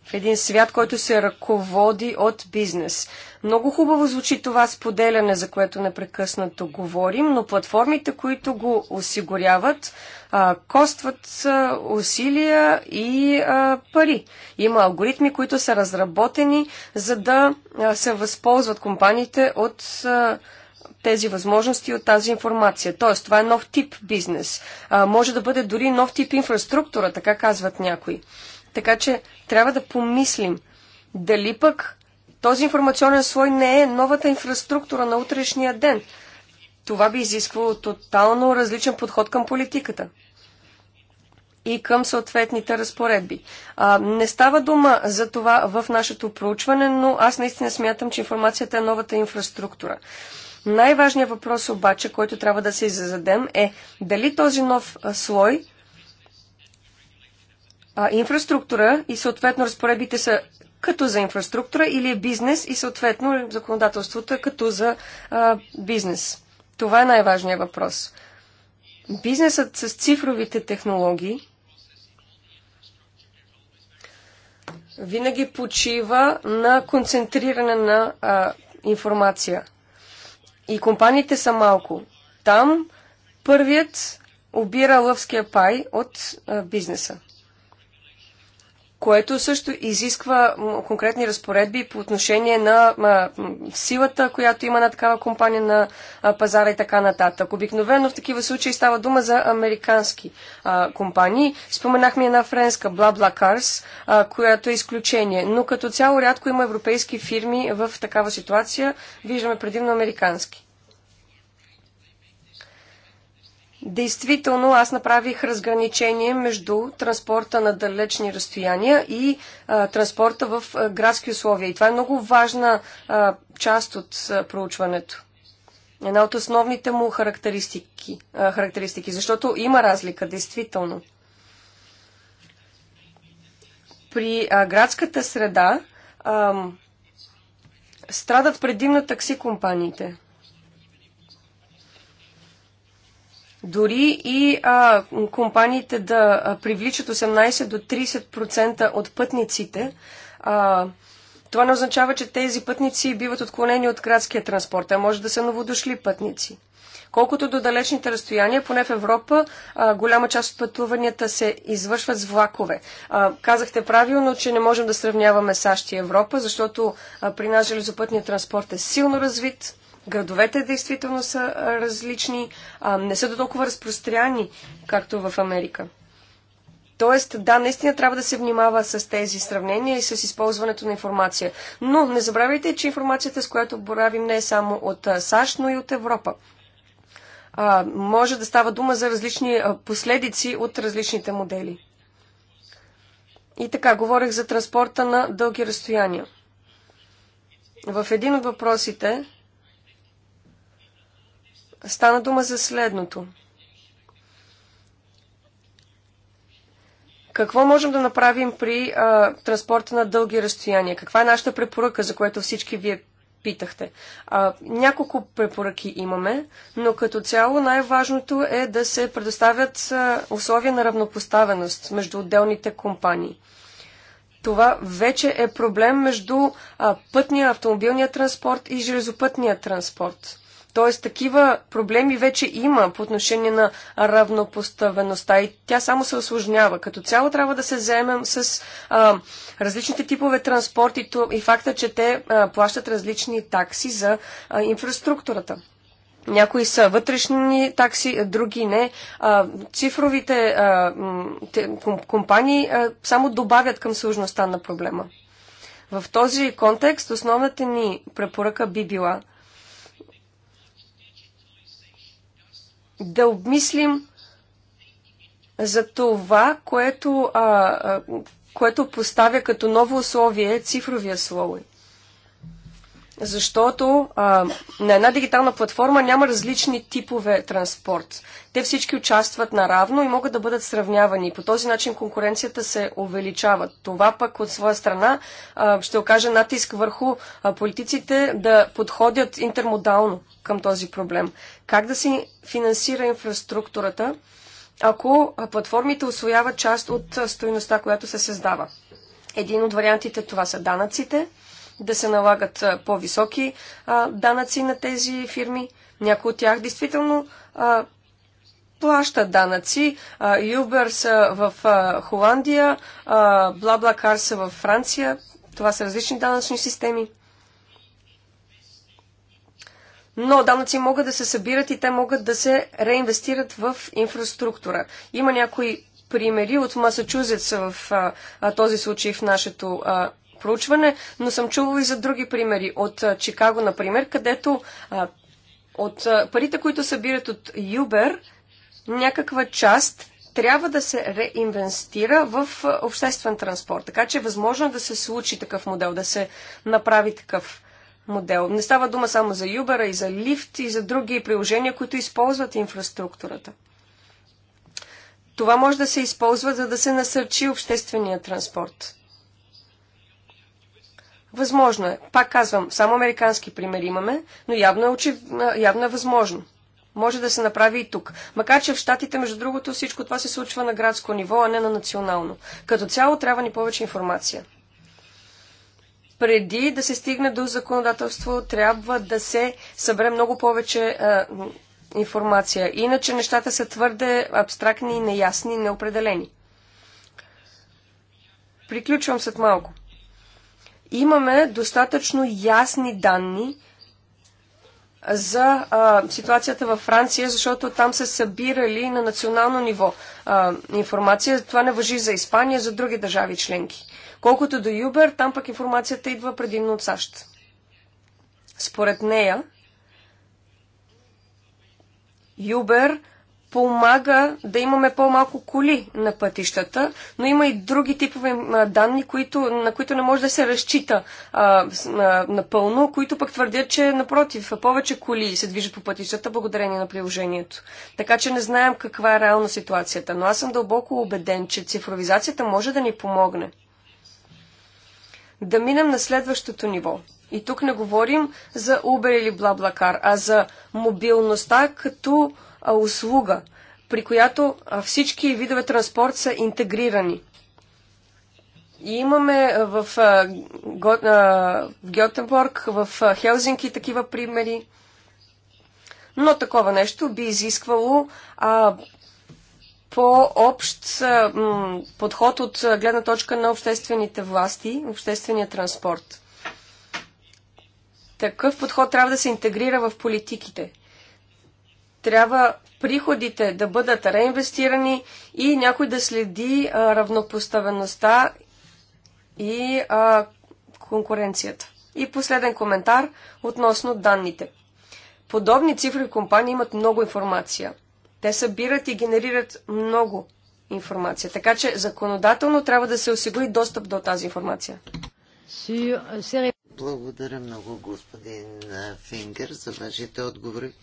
в един свят, който се ръководи от бизнес. Много хубаво звучи това споделяне, за което непрекъснато говорим, но платформите, които го осигуряват, а, костват а, усилия и а, пари. Има алгоритми, които са разработени, за да а, се възползват компаниите от. А, тези възможности от тази информация. Тоест, това е нов тип бизнес. А, може да бъде дори нов тип инфраструктура, така казват някои. Така че трябва да помислим дали пък този информационен слой не е новата инфраструктура на утрешния ден. Това би изисквало тотално различен подход към политиката и към съответните разпоредби. А, не става дума за това в нашето проучване, но аз наистина смятам, че информацията е новата инфраструктура. Най-важният въпрос обаче, който трябва да се зададем е дали този нов слой а, инфраструктура и съответно разпоредбите са като за инфраструктура или е бизнес и съответно законодателството е като за а, бизнес. Това е най-важният въпрос. Бизнесът с цифровите технологии винаги почива на концентриране на а, информация. И компаниите са малко. Там първият обира лъвския пай от а, бизнеса което също изисква конкретни разпоредби по отношение на силата, която има на такава компания на пазара и така нататък. Обикновено в такива случаи става дума за американски компании. Споменахме една френска, BlaBlaCars, която е изключение. Но като цяло рядко има европейски фирми в такава ситуация. Виждаме предимно американски. Действително, аз направих разграничение между транспорта на далечни разстояния и а, транспорта в а, градски условия. И това е много важна а, част от а, проучването. Една от основните му характеристики, а, характеристики, защото има разлика, действително. При а, градската среда а, страдат предимно такси компаниите – Дори и а, компаниите да привличат 18 до 30% от пътниците, а, това не означава, че тези пътници биват отклонени от градския транспорт, а може да са новодошли пътници. Колкото до далечните разстояния, поне в Европа а, голяма част от пътуванията се извършват с влакове. А, казахте правилно, че не можем да сравняваме САЩ и Европа, защото а, при нас железопътният транспорт е силно развит Градовете действително са различни, а, не са до толкова разпространени, както в Америка. Тоест, да, наистина трябва да се внимава с тези сравнения и с използването на информация. Но не забравяйте, че информацията, с която боравим, не е само от САЩ, но и от Европа. А, може да става дума за различни последици от различните модели. И така, говорих за транспорта на дълги разстояния. В един от въпросите Стана дума за следното. Какво можем да направим при а, транспорта на дълги разстояния? Каква е нашата препоръка, за което всички вие питахте? А, няколко препоръки имаме, но като цяло най-важното е да се предоставят а, условия на равнопоставеност между отделните компании. Това вече е проблем между а, пътния автомобилния транспорт и железопътния транспорт. Тоест, такива проблеми вече има по отношение на равнопоставеността и тя само се осложнява. Като цяло трябва да се заемем с а, различните типове транспорт и, и факта, че те а, плащат различни такси за а, инфраструктурата. Някои са вътрешни такси, други не. А, цифровите а, те, компании а, само добавят към сложността на проблема. В този контекст основната ни препоръка би била – да обмислим за това, което, а, а, което поставя като ново условие цифровия слой защото а, на една дигитална платформа няма различни типове транспорт. Те всички участват наравно и могат да бъдат сравнявани. По този начин конкуренцията се увеличава. Това пък от своя страна а, ще окаже натиск върху а, политиците да подходят интермодално към този проблем. Как да се финансира инфраструктурата, ако платформите освояват част от стоеността, която се създава? Един от вариантите това са данъците – да се налагат по-високи данъци на тези фирми. Някои от тях действително плащат данъци. Uber са в Холандия, BlaBlaCar са в Франция. Това са различни данъчни системи. Но данъци могат да се събират и те могат да се реинвестират в инфраструктура. Има някои примери от Масачузетс в а, този случай в нашето проучване, но съм чувала и за други примери. От Чикаго, например, където а, от парите, които събират от ЮБЕР, някаква част трябва да се реинвестира в обществен транспорт. Така че е възможно да се случи такъв модел, да се направи такъв модел. Не става дума само за Юбера и за лифт, и за други приложения, които използват инфраструктурата. Това може да се използва, за да се насърчи обществения транспорт. Възможно е. Пак казвам, само американски примери имаме, но явно е, очи... явно е възможно. Може да се направи и тук. Макар, че в Штатите, между другото, всичко това се случва на градско ниво, а не на национално. Като цяло трябва ни повече информация. Преди да се стигне до законодателство, трябва да се събере много повече а, информация. Иначе нещата са твърде абстрактни, неясни, неопределени. Приключвам след малко имаме достатъчно ясни данни за а, ситуацията във Франция, защото там са събирали на национално ниво а, информация. Това не въжи за Испания, за други държави членки. Колкото до Юбер, там пък информацията идва предимно от САЩ. Според нея, Юбер помага да имаме по-малко коли на пътищата, но има и други типове данни, които, на които не може да се разчита а, на, напълно, които пък твърдят, че напротив, повече коли се движат по пътищата благодарение на приложението. Така че не знаем каква е реална ситуацията, но аз съм дълбоко убеден, че цифровизацията може да ни помогне. Да минем на следващото ниво. И тук не говорим за Uber или BlaBlaCar, а за мобилността като услуга, при която всички видове транспорт са интегрирани. И имаме в Гьотенбург, в Хелзинки такива примери. Но такова нещо би изисквало а, по-общ подход от гледна точка на обществените власти, обществения транспорт. Такъв подход трябва да се интегрира в политиките – трябва приходите да бъдат реинвестирани и някой да следи а, равнопоставеността и а, конкуренцията. И последен коментар относно данните. Подобни цифрови компании имат много информация. Те събират и генерират много информация. Така че законодателно трябва да се осигури достъп до тази информация. Благодаря много, господин Фингер, за вашите отговори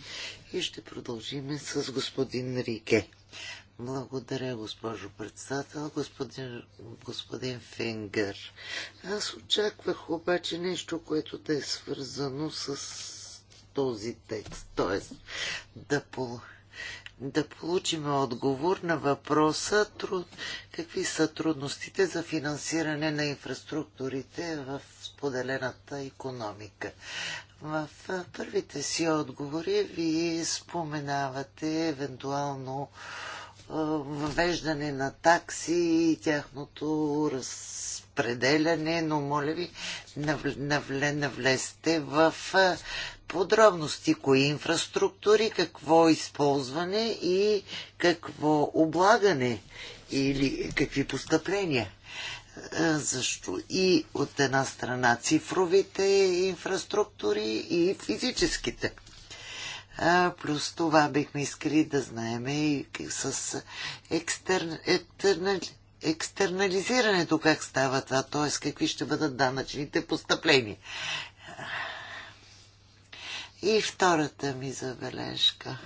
и ще продължим с господин Рике. Благодаря, госпожо председател, господин, господин Фингер. Аз очаквах обаче нещо, което да е свързано с този текст, т.е. да по да получим отговор на въпроса труд, какви са трудностите за финансиране на инфраструктурите в споделената економика. В първите си отговори ви споменавате евентуално въвеждане на такси и тяхното разпределяне, но моля ви, навле, навлезте в подробности, кои инфраструктури, какво използване и какво облагане или какви постъпления. Е, защо? И от една страна цифровите инфраструктури и физическите. Е, плюс това бихме искали да знаем и с екстерн, екстернализирането как става това, т.е. какви ще бъдат данъчните постъпления. И втората ми забележка.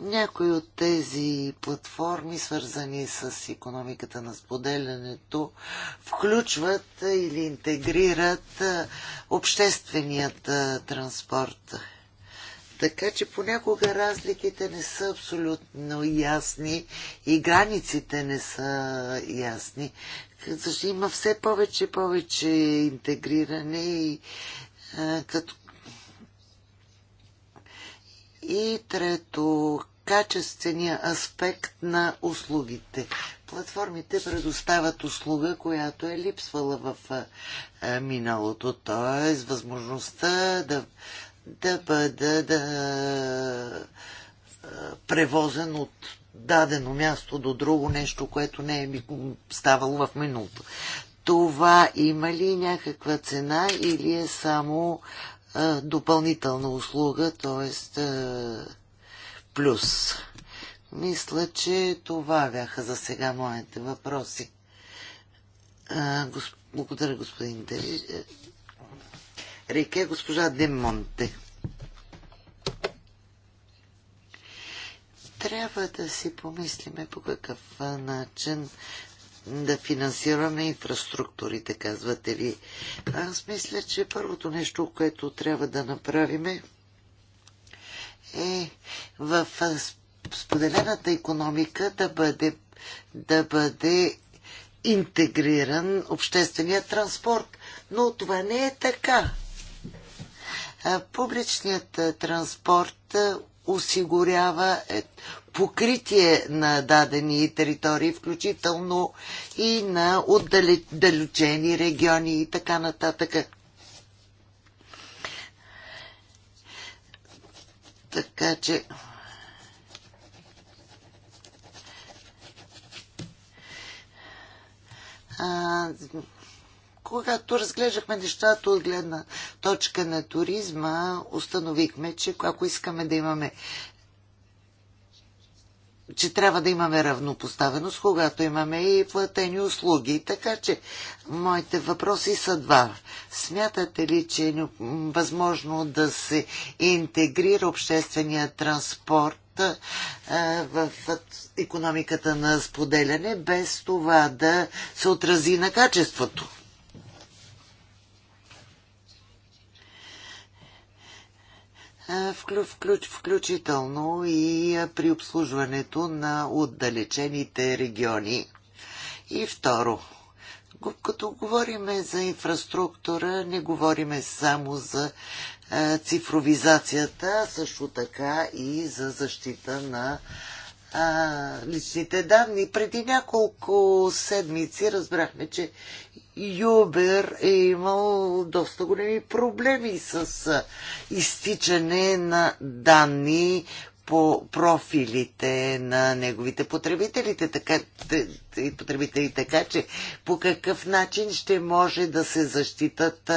Някои от тези платформи, свързани с економиката на споделянето, включват или интегрират общественият транспорт. Така че понякога разликите не са абсолютно ясни и границите не са ясни. Защо има все повече и повече интегриране и а, като и трето, качествения аспект на услугите. Платформите предоставят услуга, която е липсвала в миналото, т.е. възможността да да бъда да, превозен от дадено място до друго нещо, което не е ставало в минуто. Това има ли някаква цена или е само а, допълнителна услуга, т.е. плюс? Мисля, че това бяха за сега моите въпроси. А, госп... Благодаря, господин Дели. Рике, госпожа Демонте. Трябва да си помислиме по какъв начин да финансираме инфраструктурите, казвате ви. Аз мисля, че първото нещо, което трябва да направиме е в споделената економика да бъде, да бъде интегриран обществения транспорт. Но това не е така. Публичният транспорт осигурява е, покритие на дадени територии, включително и на отдалечени региони и така нататък. Така че. А, когато разглеждахме нещата от гледна точка на туризма, установихме, че ако искаме да имаме че трябва да имаме равнопоставеност, когато имаме и платени услуги. Така че моите въпроси са два. Смятате ли, че е възможно да се интегрира обществения транспорт в економиката на споделяне, без това да се отрази на качеството? включително и при обслужването на отдалечените региони. И второ, като говориме за инфраструктура, не говориме само за цифровизацията, също така и за защита на а, личните данни. Преди няколко седмици разбрахме, че Юбер е имал доста големи проблеми с изтичане на данни по профилите на неговите потребителите, така, потребители, така че по какъв начин ще може да се защитат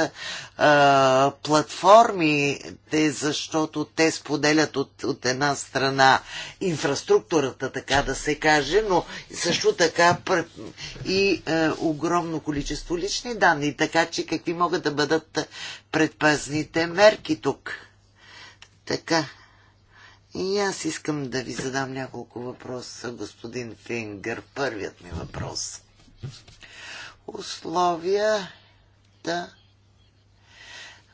а, платформите, защото те споделят от, от една страна инфраструктурата, така да се каже, но също така и а, е, огромно количество лични данни, така че какви могат да бъдат предпазните мерки тук. Така, и аз искам да ви задам няколко въпроса, господин Фингър. Първият ми въпрос. Условия да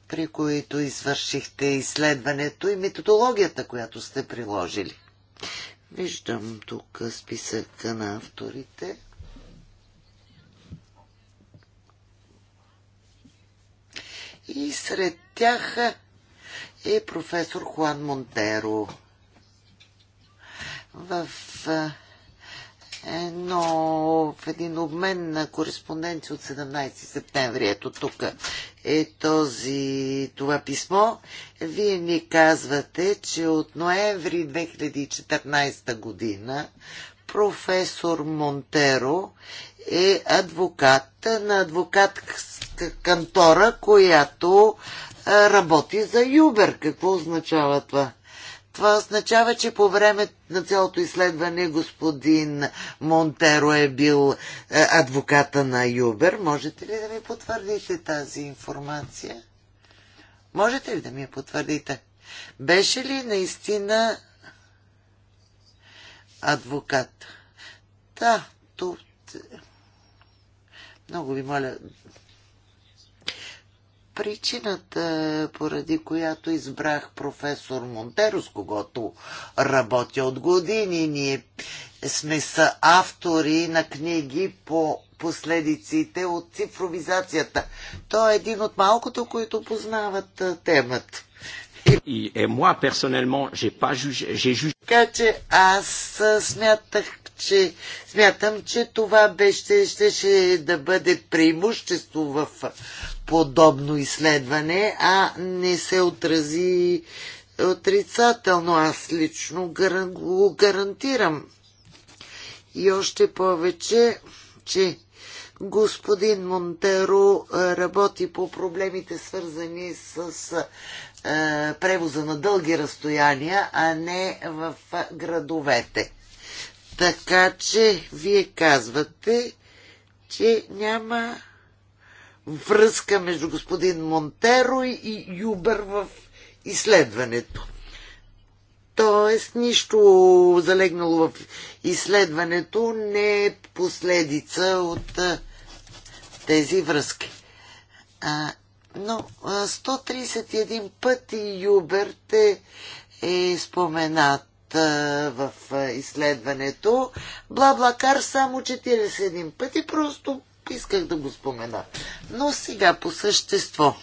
при които извършихте изследването и методологията, която сте приложили. Виждам тук списъка на авторите. И сред тях е професор Хуан Монтеро в едно, в един обмен на кореспонденция от 17 септември. Ето тук е този, това писмо. Вие ни казвате, че от ноември 2014 година професор Монтеро е адвокат на адвокатска кантора, която работи за Юбер. Какво означава това? Това означава, че по време на цялото изследване господин Монтеро е бил е, адвоката на Юбер. Можете ли да ми потвърдите тази информация? Можете ли да ми я потвърдите? Беше ли наистина адвокат? Да, тук. Много ви моля, причината, поради която избрах професор Монтеро, с когото работя от години. Ние сме са автори на книги по последиците от цифровизацията. Той е един от малкото, които познават темата. И е, моя персонално, j'ai pas j'ai така че аз смятах, че смятам, че това беше, ще, ще да бъде преимущество в подобно изследване, а не се отрази отрицателно. Аз лично го гарантирам. И още повече, че господин Монтеро работи по проблемите свързани с е, превоза на дълги разстояния, а не в градовете. Така че вие казвате, че няма връзка между господин Монтеро и Юбер в изследването. Тоест, нищо залегнало в изследването не е последица от е, тези връзки. А, но 131 пъти Юберт е, е споменат в изследването. Блаблакар само 41 пъти, просто исках да го спомена. Но сега по същество.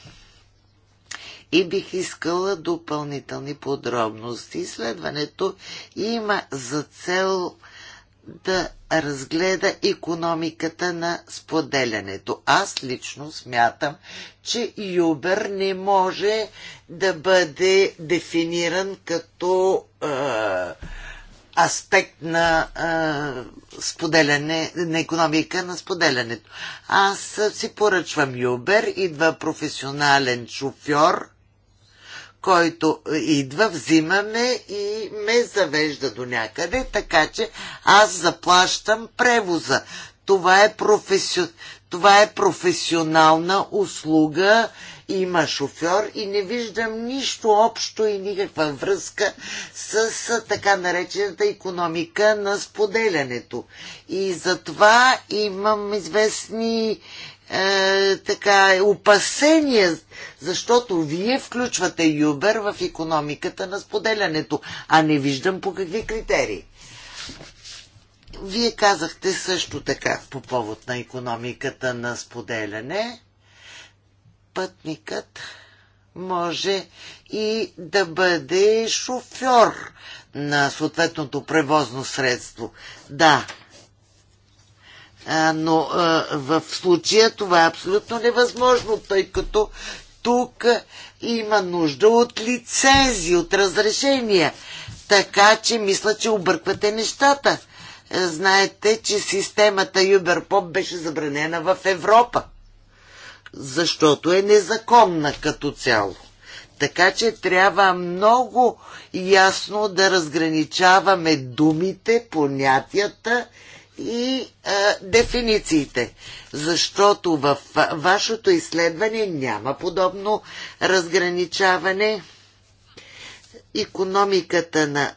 И бих искала допълнителни подробности. Изследването има за цел да разгледа економиката на споделянето. Аз лично смятам, че Юбер не може да бъде дефиниран като е, аспект на е, споделяне, на економика на споделянето. Аз си поръчвам Юбер, идва професионален шофьор, който идва, взимаме и ме завежда до някъде, така че аз заплащам превоза. Това е, професи... Това е професионална услуга, има шофьор и не виждам нищо общо и никаква връзка с така наречената економика на споделянето. И затова имам известни е, така, е опасения, защото вие включвате Юбер в економиката на споделянето, а не виждам по какви критерии. Вие казахте също така по повод на економиката на споделяне. Пътникът може и да бъде шофьор на съответното превозно средство. Да, но в случая това е абсолютно невъзможно, тъй като тук има нужда от лицензи, от разрешения. Така че мисля, че обърквате нещата. Е, знаете, че системата Юберпоп беше забранена в Европа, защото е незаконна като цяло. Така че трябва много ясно да разграничаваме думите, понятията и а, дефинициите, защото в вашето изследване няма подобно разграничаване. Економиката на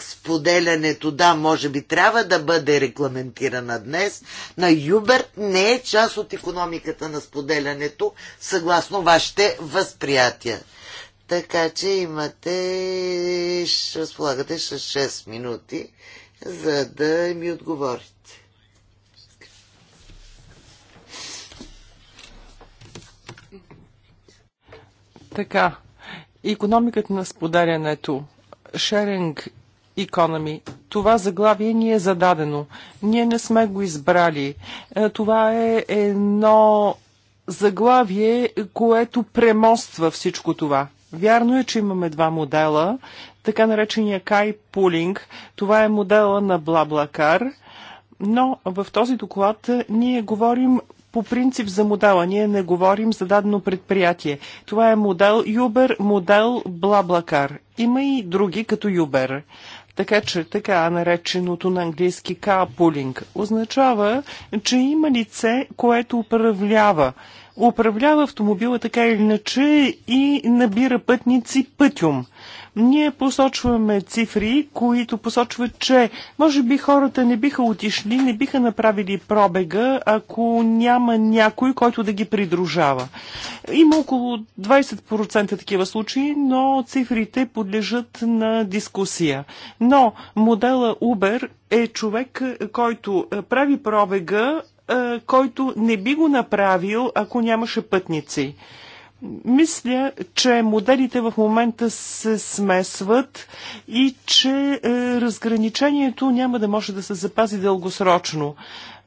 споделянето, да, може би трябва да бъде регламентирана днес, на Юбер не е част от економиката на споделянето, съгласно вашите възприятия. Така че имате, разполагате с 6 минути за да ми отговорите. Така, економиката на споделянето, sharing Economy. Това заглавие ни е зададено. Ние не сме го избрали. Е, това е едно заглавие, което премоства всичко това. Вярно е, че имаме два модела. Така наречения кай-пулинг. Това е модела на Блаблакар. Но в този доклад ние говорим по принцип за модела. Ние не говорим за дадено предприятие. Това е модел Uber, модел Блаблакар. Има и други като Uber. Така че така нареченото на английски Капулинг, означава, че има лице, което управлява управлява автомобила така или иначе и набира пътници пътюм. Ние посочваме цифри, които посочват, че може би хората не биха отишли, не биха направили пробега, ако няма някой, който да ги придружава. Има около 20% такива случаи, но цифрите подлежат на дискусия. Но модела Uber е човек, който прави пробега, който не би го направил, ако нямаше пътници. Мисля, че моделите в момента се смесват и че е, разграничението няма да може да се запази дългосрочно.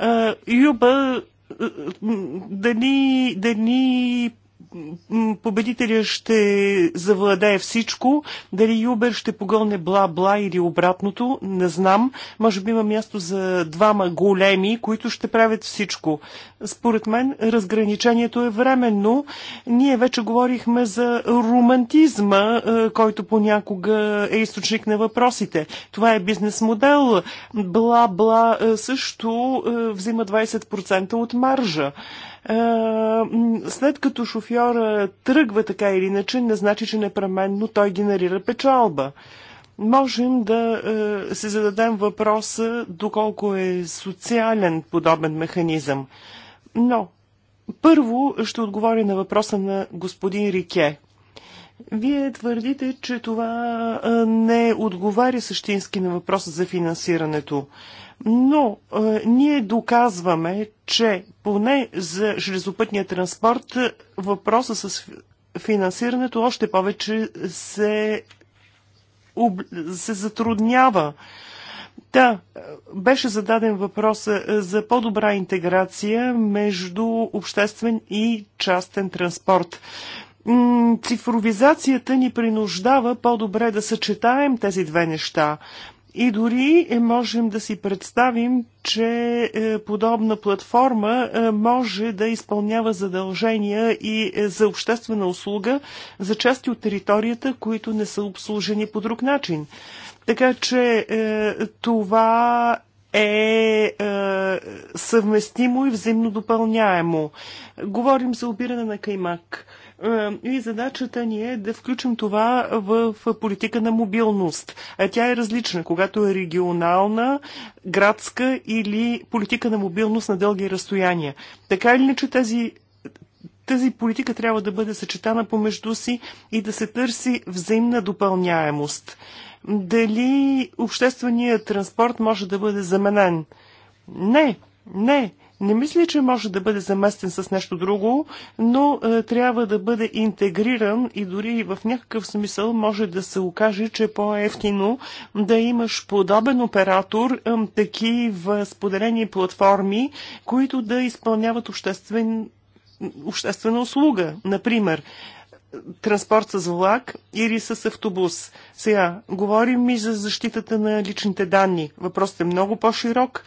Е, Юба е, дали, дали да ни победителя ще завладее всичко, дали Юбер ще погълне бла-бла или обратното, не знам. Може би има място за двама големи, които ще правят всичко. Според мен разграничението е временно. Ние вече говорихме за романтизма, е, който понякога е източник на въпросите. Това е бизнес модел. Бла-бла е, също е, взима 20% от маржа след като шофьора тръгва така или иначе, не значи, че непременно той генерира печалба. Можем да е, си зададем въпроса доколко е социален подобен механизъм. Но първо ще отговоря на въпроса на господин Рике. Вие твърдите, че това не отговаря същински на въпроса за финансирането. Е, но е, ние доказваме, че поне за железопътния транспорт е, въпроса с финансирането още повече се, об, се затруднява. Да, е, беше зададен въпрос е, за по-добра интеграция между обществен и частен транспорт. Цифровизацията ни принуждава по-добре да съчетаем тези две неща. И дори е, можем да си представим, че е, подобна платформа е, може да изпълнява задължения и за обществена услуга за части от територията, които не са обслужени по друг начин. Така че това е, съвместимо и взаимно допълняемо. Говорим за обиране на каймак. Е, и задачата ни е да включим това в политика на мобилност. Е, тя е различна, когато е регионална, градска или политика на мобилност на дълги разстояния. Така или иначе тази тази политика трябва да бъде съчетана помежду си и да се търси взаимна допълняемост. Дали общественият транспорт може да бъде заменен? Не, не. Не мисля, че може да бъде заместен с нещо друго, но е, трябва да бъде интегриран и дори в някакъв смисъл може да се окаже, че е по-ефтино да имаш подобен оператор, е, такива споделени платформи, които да изпълняват обществен, обществена услуга, например транспорт с влак или с автобус. Сега, говорим и за защитата на личните данни. Въпросът е много по-широк.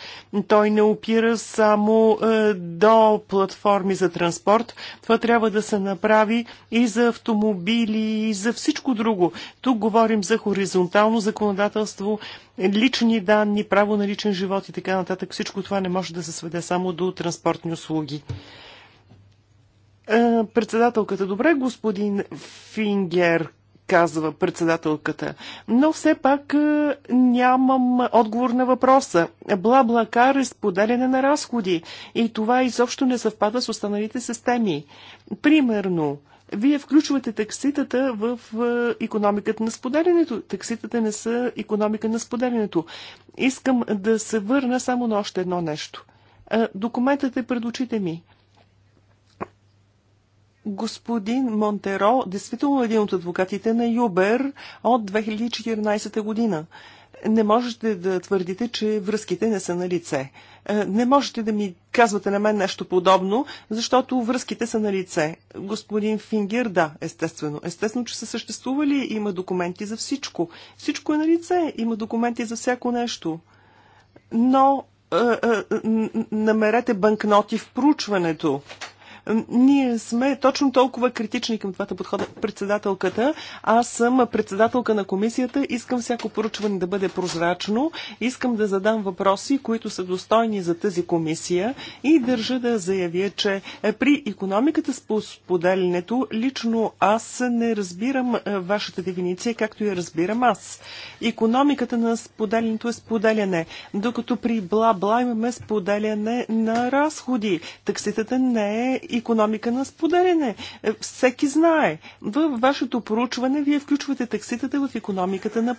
Той не опира само е, до платформи за транспорт. Това трябва да се направи и за автомобили, и за всичко друго. Тук говорим за хоризонтално законодателство, лични данни, право на личен живот и така нататък. Всичко това не може да се сведе само до транспортни услуги. Е, председателката, добре, господин Фингер, казва председателката. Но все пак е, нямам отговор на въпроса. бла кар е споделяне на разходи и това изобщо не съвпада с останалите системи. Примерно, вие включвате такситата в економиката на споделянето. Такситата не са економика на споделянето. Искам да се върна само на още едно нещо. Е, документът е пред очите ми. Господин Монтеро, действително един от адвокатите на Юбер от 2014 година. Не можете да твърдите, че връзките не са на лице. Е, не можете да ми казвате на мен нещо подобно, защото връзките са на лице. Господин Фингер, да, естествено. Естествено, че са съществували, има документи за всичко. Всичко е на лице, има документи за всяко нещо. Но е, е, намерете банкноти в проучването. Ние сме точно толкова критични към двата подхода. Председателката, аз съм председателка на комисията, искам всяко поручване да бъде прозрачно, искам да задам въпроси, които са достойни за тази комисия и държа да заявя, че при економиката с поделенето, лично аз не разбирам е, вашата дефиниция, както я разбирам аз. Економиката на споделянето е споделяне, докато при бла-бла имаме споделяне на разходи. Такситата не е економика на споделяне. Е, всеки знае. Във вашето проучване вие включвате такситата в економиката на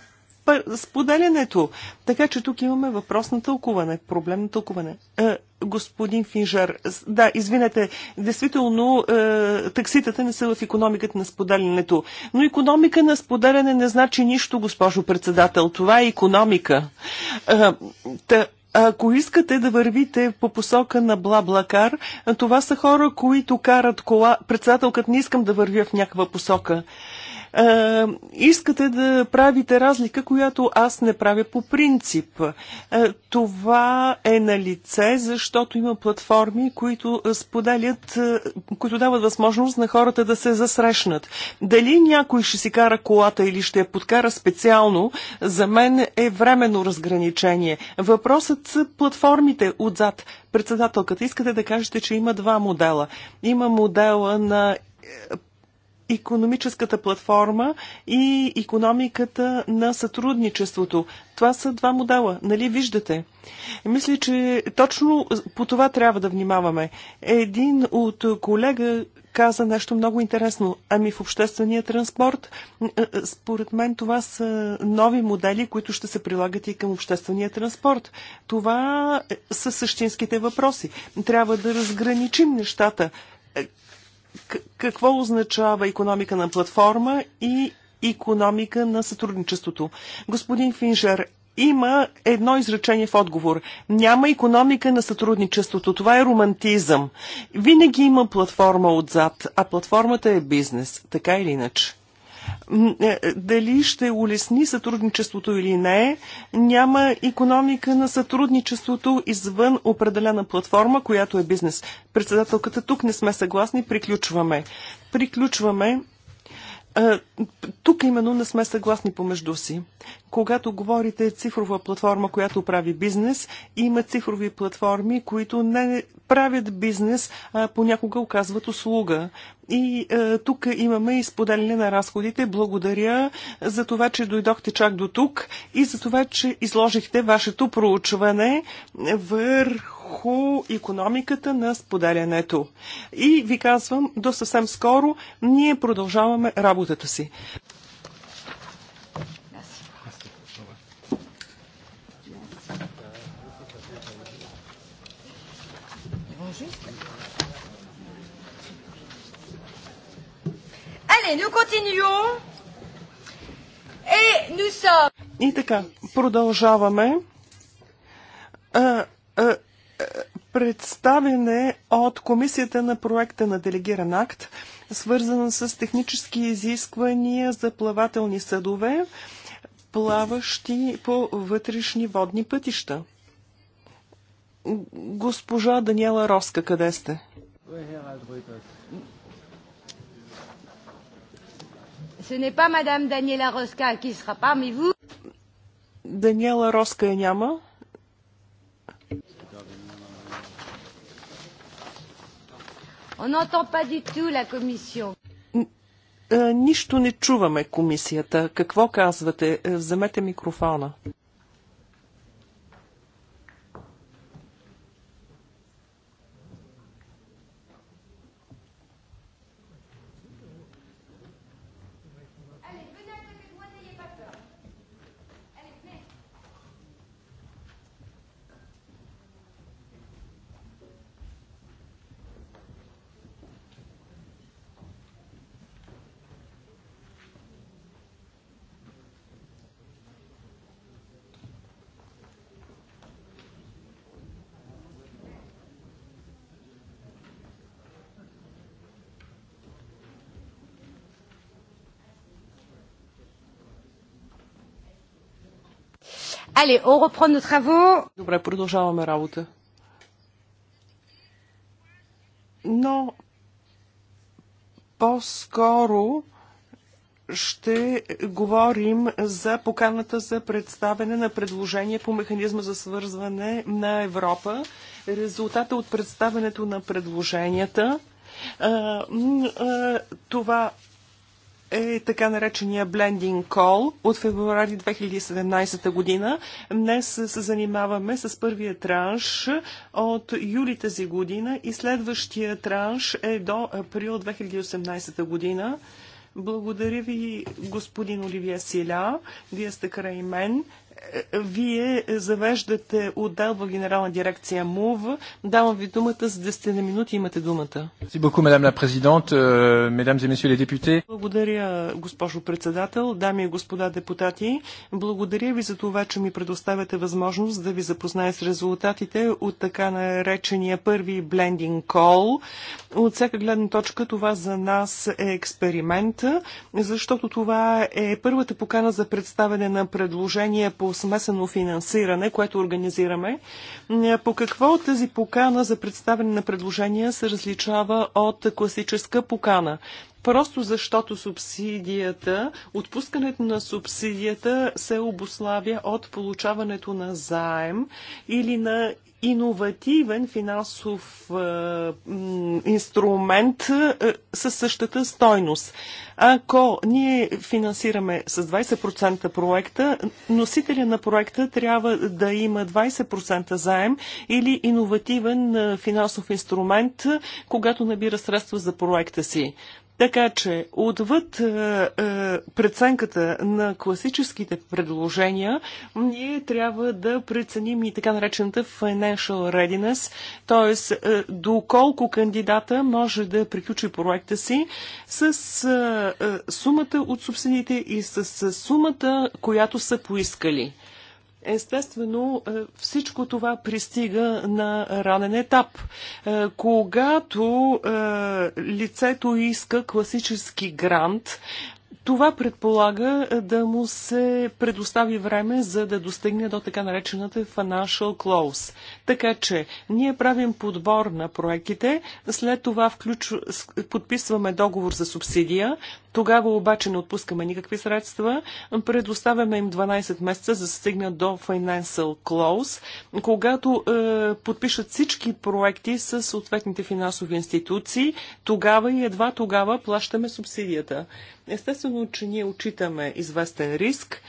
споделянето. Така че тук имаме въпрос на тълкуване, проблем на тълкуване. Е, господин Финжар, да, извинете, действително е, такситата не са в економиката на споделянето. Но економика на споделяне не значи нищо, госпожо председател. Това е економика. Е, та, ако искате да вървите по посока на Блаблакар, това са хора, които карат кола. Председателкът не искам да вървя в някаква посока. Е, искате да правите разлика, която аз не правя по принцип. Е, това е на лице, защото има платформи, които споделят, е, които дават възможност на хората да се засрещнат. Дали някой ще си кара колата или ще я подкара специално, за мен е временно разграничение. Въпросът са платформите отзад. Председателката, искате да кажете, че има два модела. Има модела на е, економическата платформа и економиката на сътрудничеството. Това са два модела, нали виждате? Мисля, че точно по това трябва да внимаваме. Един от колега каза нещо много интересно. Ами в обществения транспорт, е, е, според мен това са нови модели, които ще се прилагат и към обществения транспорт. Това е, са същинските въпроси. Трябва да разграничим нещата какво означава економика на платформа и економика на сътрудничеството. Господин Финжер, има едно изречение в отговор. Няма економика на сътрудничеството. Това е романтизъм. Винаги има платформа отзад, а платформата е бизнес, така или иначе. Е, дали ще улесни сътрудничеството или не, няма економика на сътрудничеството извън определена платформа, която е бизнес. Председателката тук не сме съгласни, приключваме. Приключваме. Тук именно не сме съгласни помежду си. Когато говорите цифрова платформа, която прави бизнес, има цифрови платформи, които не правят бизнес, а понякога оказват услуга. И е, тук имаме изподеляне на разходите. Благодаря за това, че дойдохте чак до тук и за това, че изложихте вашето проучване върху върху економиката на споделянето. И ви казвам, до съвсем скоро ние продължаваме работата си. И така, продължаваме. А, а, представене от комисията на проекта на делегиран акт, свързан с технически изисквания за плавателни съдове, плаващи по вътрешни водни пътища. Госпожа Даниела Роска, къде сте? Даниела Роска я няма. On n'entend pas du tout la commission. Нищо не чуваме комисията. Какво казвате? Вземете микрофона. Allez, on reprend nos travaux. Добре, продължаваме работа. Но по-скоро ще говорим за поканата за представяне на предложение по механизма за свързване на Европа. Резултата от представянето на предложенията. Това е така наречения Blending Call от февруари 2017 година. Днес се занимаваме с първия транш от юли тази година и следващия транш е до април 2018 година. Благодаря ви, господин Оливия Силя. Вие сте край мен. Вие завеждате отдел в генерална дирекция МУВ. Давам ви думата за 10 на минути. Имате думата. Euh, Благодаря, госпожо председател, дами и господа депутати. Благодаря ви за това, че ми предоставяте възможност да ви запозная с резултатите от така наречения първи блендинг кол. От всяка гледна точка това за нас е експеримент, защото това е първата покана за представяне на предложения по смесено финансиране, което организираме. Е, по какво тази покана за представяне на предложения се различава от класическа покана? просто защото субсидията, отпускането на субсидията се обославя от получаването на заем или на иновативен финансов е, инструмент е, със същата стойност. Ако ние финансираме с 20% проекта, носителя на проекта трябва да има 20% заем или иновативен е, финансов инструмент, когато набира средства за проекта си. Така че, отвъд е, е, преценката на класическите предложения, ние трябва да преценим и така наречената financial readiness, т.е. Е, доколко кандидата може да приключи проекта си с е, е, сумата от субсидиите и с, с сумата, която са поискали. Естествено, е, всичко това пристига на ранен етап. Е, когато е, лицето иска класически грант, това предполага да му се предостави време, за да достигне до така наречената financial close. Така че ние правим подбор на проектите, след това включ... подписваме договор за субсидия, тогава обаче не отпускаме никакви средства. Предоставяме им 12 месеца за да стигнат до Financial Close, когато е, подпишат всички проекти с съответните финансови институции. Тогава и едва тогава плащаме субсидията. Естествено, че ние отчитаме известен риск.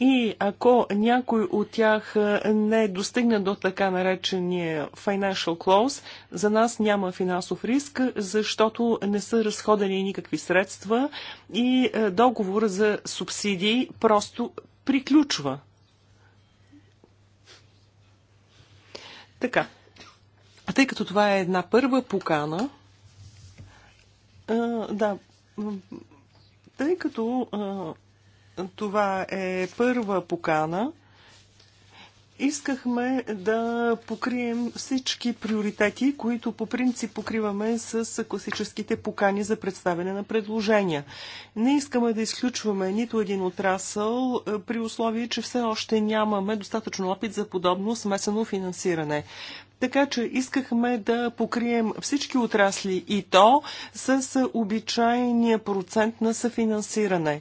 И ако някой от тях не достигне до така наречения financial close, за нас няма финансов риск, защото не са разходени никакви средства и договор за субсидии просто приключва. Така. А тъй като това е една първа покана, а, да, тъй като а, това е първа покана. Искахме да покрием всички приоритети, които по принцип покриваме с класическите покани за представяне на предложения. Не искаме да изключваме нито един отрасъл, е, при условие, че все още нямаме достатъчно опит за подобно смесено финансиране. Така че искахме да покрием всички отрасли и то с обичайния процент на съфинансиране.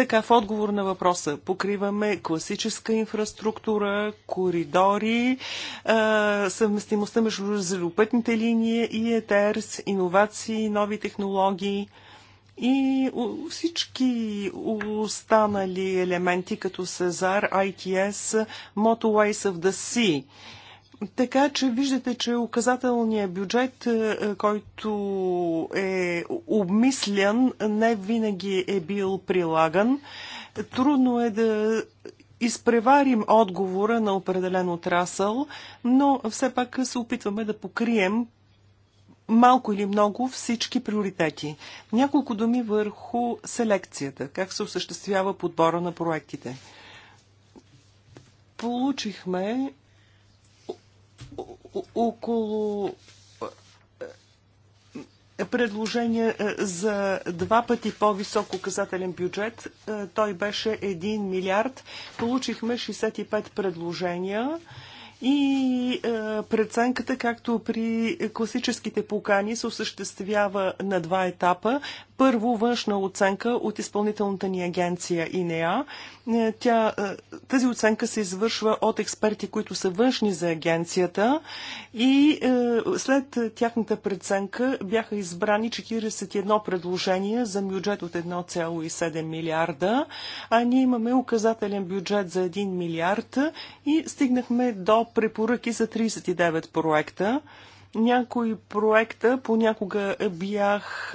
Така, в отговор на въпроса, покриваме класическа инфраструктура, коридори, съвместимостта между железопътните линии и ЕТРС, иновации, нови технологии и всички останали елементи, като Сезар, ITS, Motorways of the Sea – така че виждате, че указателният бюджет, е, който е обмислян, не винаги е бил прилаган. Трудно е да изпреварим отговора на определен отрасъл, но все пак се опитваме да покрием малко или много всички приоритети. Няколко думи върху селекцията, как се осъществява подбора на проектите. Получихме около е, предложение е, за два пъти по-висок указателен бюджет. Е, той беше 1 милиард. Получихме 65 предложения. И е, преценката, както при класическите покани, се осъществява на два етапа първо външна оценка от изпълнителната ни агенция ИНЕА. Е, тя, е, тази оценка се извършва от експерти, които са външни за агенцията и е, след тяхната преценка бяха избрани 41 предложения за бюджет от 1,7 милиарда, а ние имаме указателен бюджет за 1 милиард и стигнахме до препоръки за 39 проекта. Някои проекта понякога бях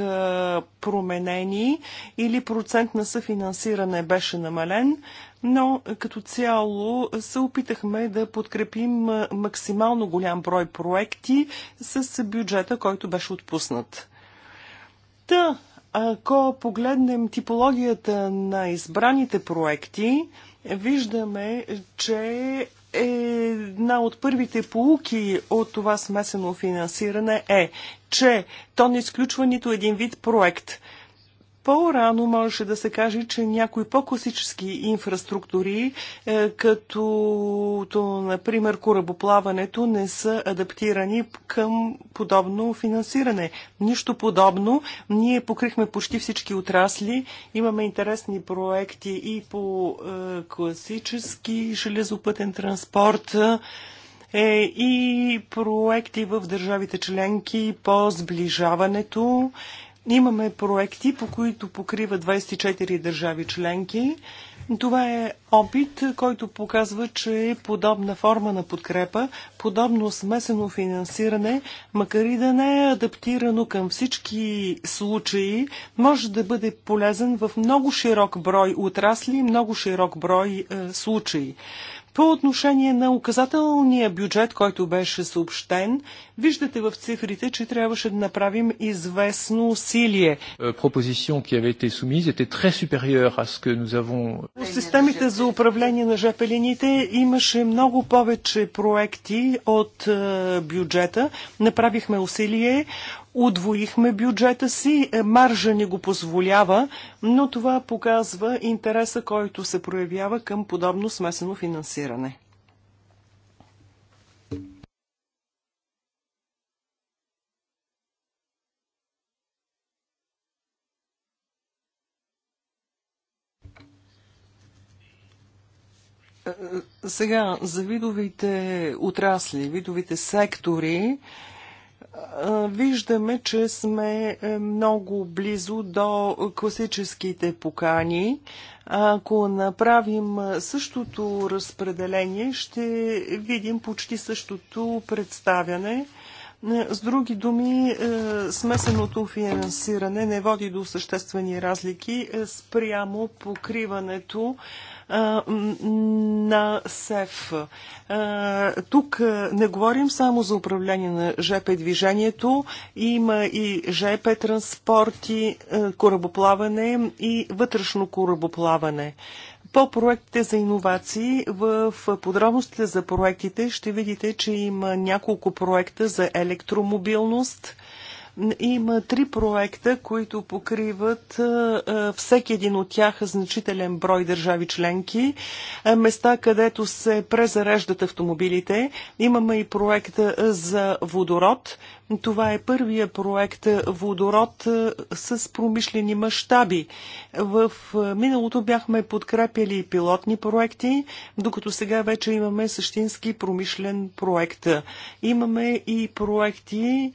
променени или процент на съфинансиране беше намален, но като цяло се опитахме да подкрепим максимално голям брой проекти с бюджета, който беше отпуснат. Та, ако погледнем типологията на избраните проекти, виждаме, че е една от първите полуки от това смесено финансиране е, че то не изключва нито един вид проект – по-рано можеше да се каже, че някои по-класически инфраструктури, е, като то, например корабоплаването, не са адаптирани към подобно финансиране. Нищо подобно. Ние покрихме почти всички отрасли. Имаме интересни проекти и по е, класически железопътен транспорт е, и проекти в държавите членки по сближаването Имаме проекти, по които покрива 24 държави членки. Това е опит, който показва, че е подобна форма на подкрепа, подобно смесено финансиране, макар и да не е адаптирано към всички случаи, може да бъде полезен в много широк брой отрасли и много широк брой е, случаи. По отношение на указателния бюджет, който беше съобщен, виждате в цифрите, че трябваше да направим известно усилие. Е, По системите за управление на жепелините имаше много повече проекти от е, бюджета. Направихме усилие удвоихме бюджета си, е, маржа ни го позволява, но това показва интереса, който се проявява към подобно смесено финансиране. Е, е, сега, за видовите отрасли, видовите сектори, виждаме, че сме е, много близо до класическите покани. Ако направим е, същото разпределение, ще видим почти същото представяне. Е, с други думи, смесеното финансиране не води до съществени разлики спрямо покриването на СЕФ. Тук не говорим само за управление на ЖП движението, има и ЖП транспорти, корабоплаване и вътрешно корабоплаване. По проектите за иновации, в подробностите за проектите ще видите, че има няколко проекта за електромобилност, има три проекта, които покриват всеки един от тях значителен брой държави членки, места, където се презареждат автомобилите. Имаме и проекта за водород – това е първия проект е, водород е, с промишлени мащаби. В е, миналото бяхме подкрепили пилотни проекти, докато сега вече имаме същински промишлен проект. Имаме и проекти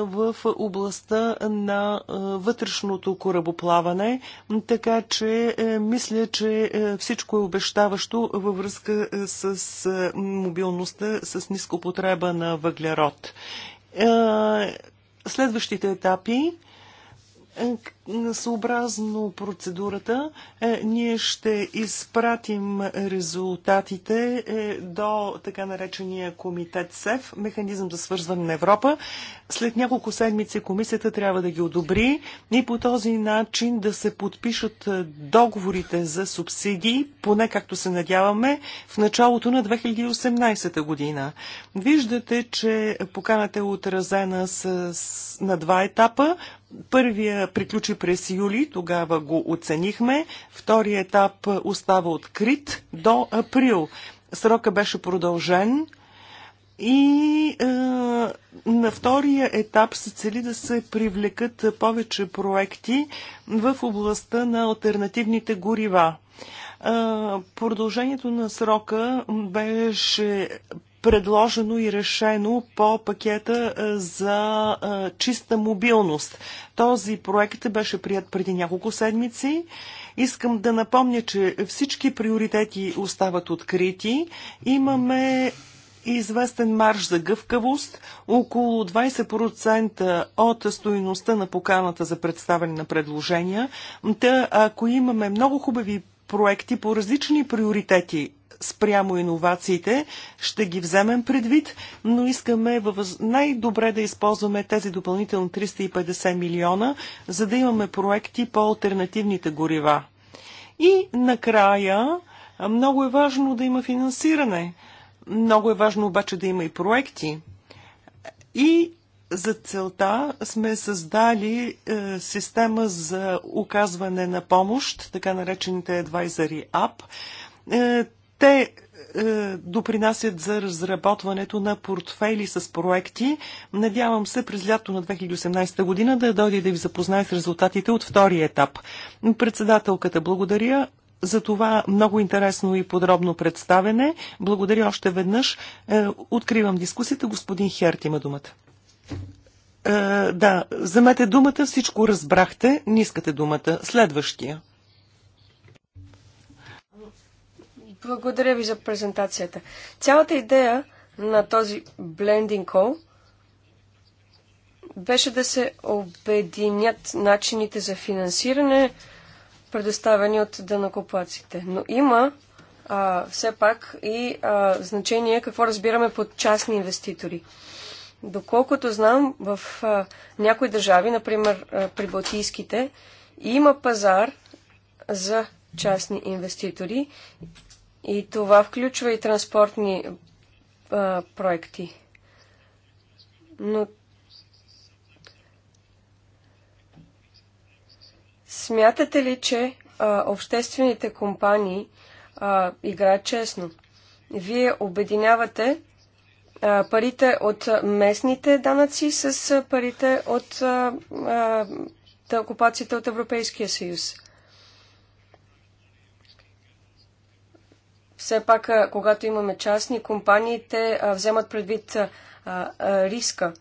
в областта на вътрешното корабоплаване, така че мисля, че всичко е обещаващо във връзка с мобилността, с нископотреба на въглерод. Е, следващите етапи съобразно процедурата, е, ние ще изпратим резултатите е, до така наречения комитет СЕФ, механизъм за свързване на Европа. След няколко седмици комисията трябва да ги одобри и по този начин да се подпишат е, договорите за субсидии, поне както се надяваме, в началото на 2018 година. Виждате, че поканата е отразена с, на два етапа. Първия приключи през юли, тогава го оценихме. Втория етап остава открит до април. Срока беше продължен и е, на втория етап се цели да се привлекат повече проекти в областта на альтернативните горива. Е, продължението на срока беше предложено и решено по пакета е, за е, чиста мобилност. Този проект беше прият преди няколко седмици. Искам да напомня, че всички приоритети остават открити. Имаме известен марш за гъвкавост, около 20% от стоиността на поканата за представяне на предложения. Та, ако имаме много хубави проекти по различни приоритети спрямо иновациите, ще ги вземем предвид, но искаме въз... най-добре да използваме тези допълнителни 350 милиона, за да имаме проекти по альтернативните горива. И накрая, много е важно да има финансиране. Много е важно обаче да има и проекти. И за целта сме създали е, система за оказване на помощ, така наречените Advisory App. Е, те е, допринасят за разработването на портфели с проекти. Надявам се през лято на 2018 година да дойде да ви запознае с резултатите от втория етап. Председателката благодаря за това много интересно и подробно представене. Благодаря още веднъж. Е, откривам дискусията. Господин Херт има думата. Е, да, замете думата, всичко разбрахте, не искате думата. Следващия. Благодаря ви за презентацията. Цялата идея на този blending call беше да се обединят начините за финансиране, предоставени от данакоплаците. Но има а, все пак и а, значение какво разбираме под частни инвеститори. Доколкото знам, в а, някои държави, например а, при Балтийските, има пазар за частни инвеститори и това включва и транспортни а, проекти. Но смятате ли, че а, обществените компании а, играят честно? Вие обединявате а, парите от местните данъци с парите от а, а, от Европейския съюз. все пак, когато имаме частни компании, те вземат предвид риска.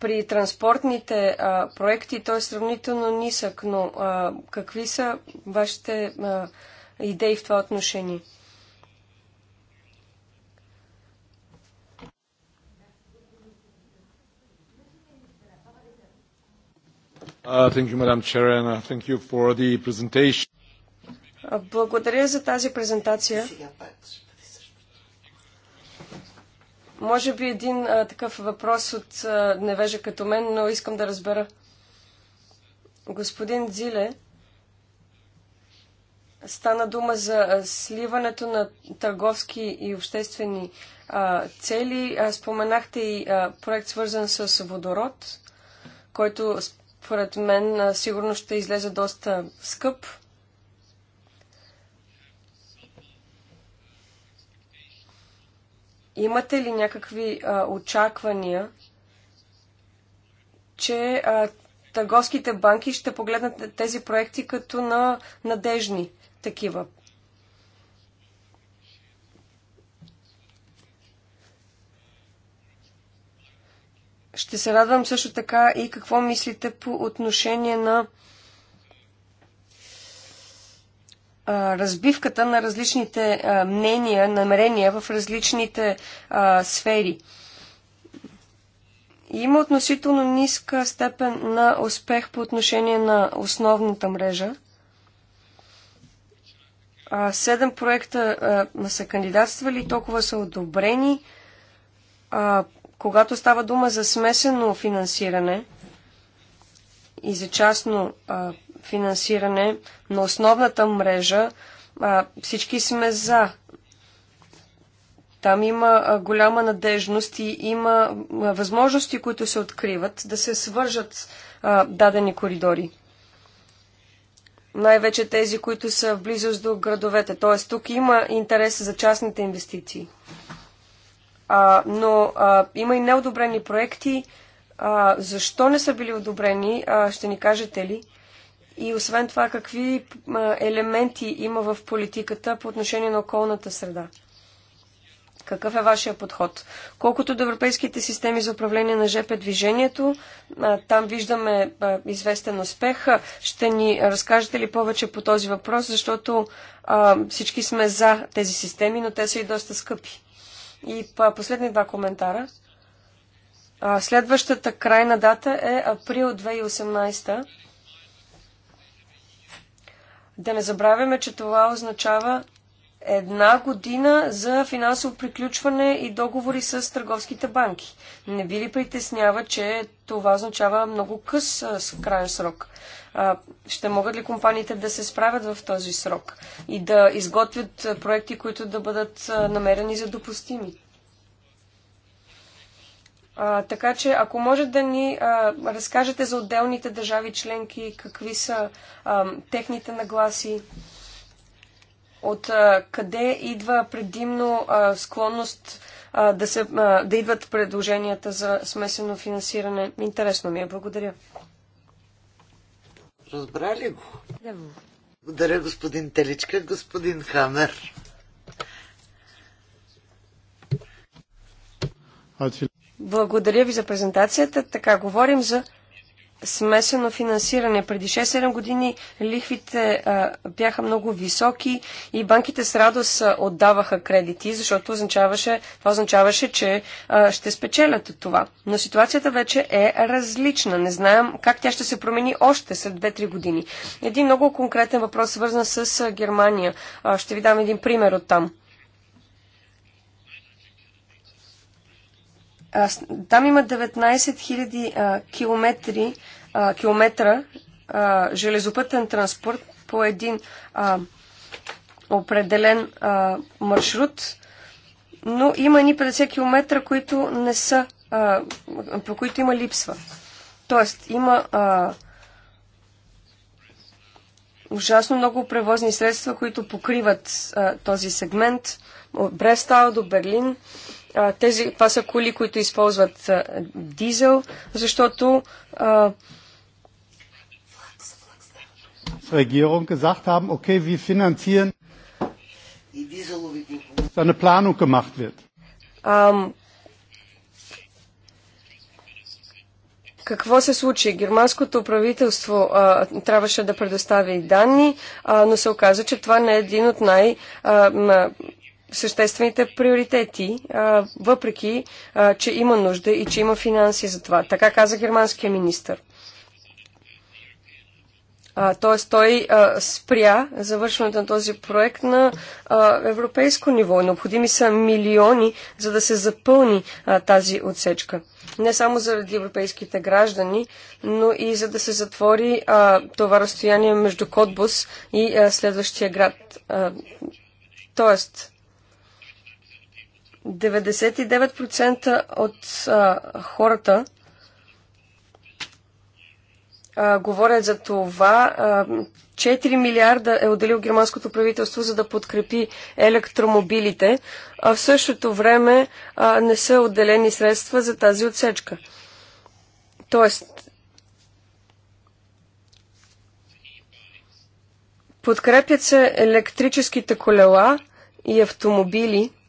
При транспортните проекти той е сравнително нисък, но какви са вашите идеи в това отношение? Uh, thank you, Madam Chair, and uh, thank you for the presentation. Благодаря за тази презентация. Може би един а, такъв въпрос от а, невежа като мен, но искам да разбера. Господин Дзиле, стана дума за сливането на търговски и обществени а, цели. А, споменахте и а, проект свързан с водород, който според мен а, сигурно ще излезе доста скъп. Имате ли някакви а, очаквания, че а, търговските банки ще погледнат тези проекти като на надежни такива? Ще се радвам също така и какво мислите по отношение на разбивката на различните мнения, намерения в различните сфери. Има относително ниска степен на успех по отношение на основната мрежа. седем проекта а, са кандидатствали, толкова са одобрени. А, когато става дума за смесено финансиране и за частно а, финансиране на основната мрежа, а, всички сме за. Там има а, голяма надежност и има а, възможности, които се откриват да се свържат а, дадени коридори. Най-вече тези, които са в близост до градовете. Т.е. тук има интерес за частните инвестиции. А, но а, има и неодобрени проекти. А, защо не са били одобрени, а, ще ни кажете ли? и освен това какви елементи има в политиката по отношение на околната среда? Какъв е вашия подход? Колкото до европейските системи за управление на ЖП движението, там виждаме известен успех. Ще ни разкажете ли повече по този въпрос, защото всички сме за тези системи, но те са и доста скъпи. И последни два коментара. Следващата крайна дата е април 2018. Да не забравяме, че това означава една година за финансово приключване и договори с търговските банки. Не ви ли притеснява, че това означава много къс крайен срок? ще могат ли компаниите да се справят в този срок и да изготвят проекти, които да бъдат намерени за допустими? А, така че, ако може да ни а, разкажете за отделните държави членки, какви са а, техните нагласи, от а, къде идва предимно а, склонност а, да, се, а, да идват предложенията за смесено финансиране. Интересно ми е. Благодаря. Разбрали го? Да. Благодаря, господин Теличка. Господин Хамер. Благодаря ви за презентацията. Така, говорим за смесено финансиране. Преди 6-7 години лихвите а, бяха много високи и банките с радост отдаваха кредити, защото означаваше, това означаваше, че а, ще спечелят от това. Но ситуацията вече е различна. Не знаем как тя ще се промени още след 2-3 години. Един много конкретен въпрос, свързан с Германия. А, ще ви дам един пример от там. Там има 19 000 километри, километра железопътен транспорт по един определен маршрут, но има ни 50 км, които не са, по които има липсва. Тоест, има а, ужасно много превозни средства, които покриват а, този сегмент от Брестал до Берлин. Тези, това са коли, които използват дизел, защото Regierung gesagt haben, okay, wir finanzieren, dass eine Planung gemacht wird. Ам, какво се случи? Германското правителство а, трябваше да предостави данни, а, но се оказа, че това не е един от най- а, съществените приоритети, а, въпреки, а, че има нужда и че има финанси за това. Така каза германския министр. Т.е. той а, спря завършването на този проект на а, европейско ниво. Необходими са милиони, за да се запълни а, тази отсечка. Не само заради европейските граждани, но и за да се затвори а, това разстояние между Котбус и а, следващия град. А, тоест, 99% от а, хората а, говорят за това. А, 4 милиарда е отделил германското правителство, за да подкрепи електромобилите, а в същото време а, не са отделени средства за тази отсечка. Тоест, подкрепят се електрическите колела и автомобили –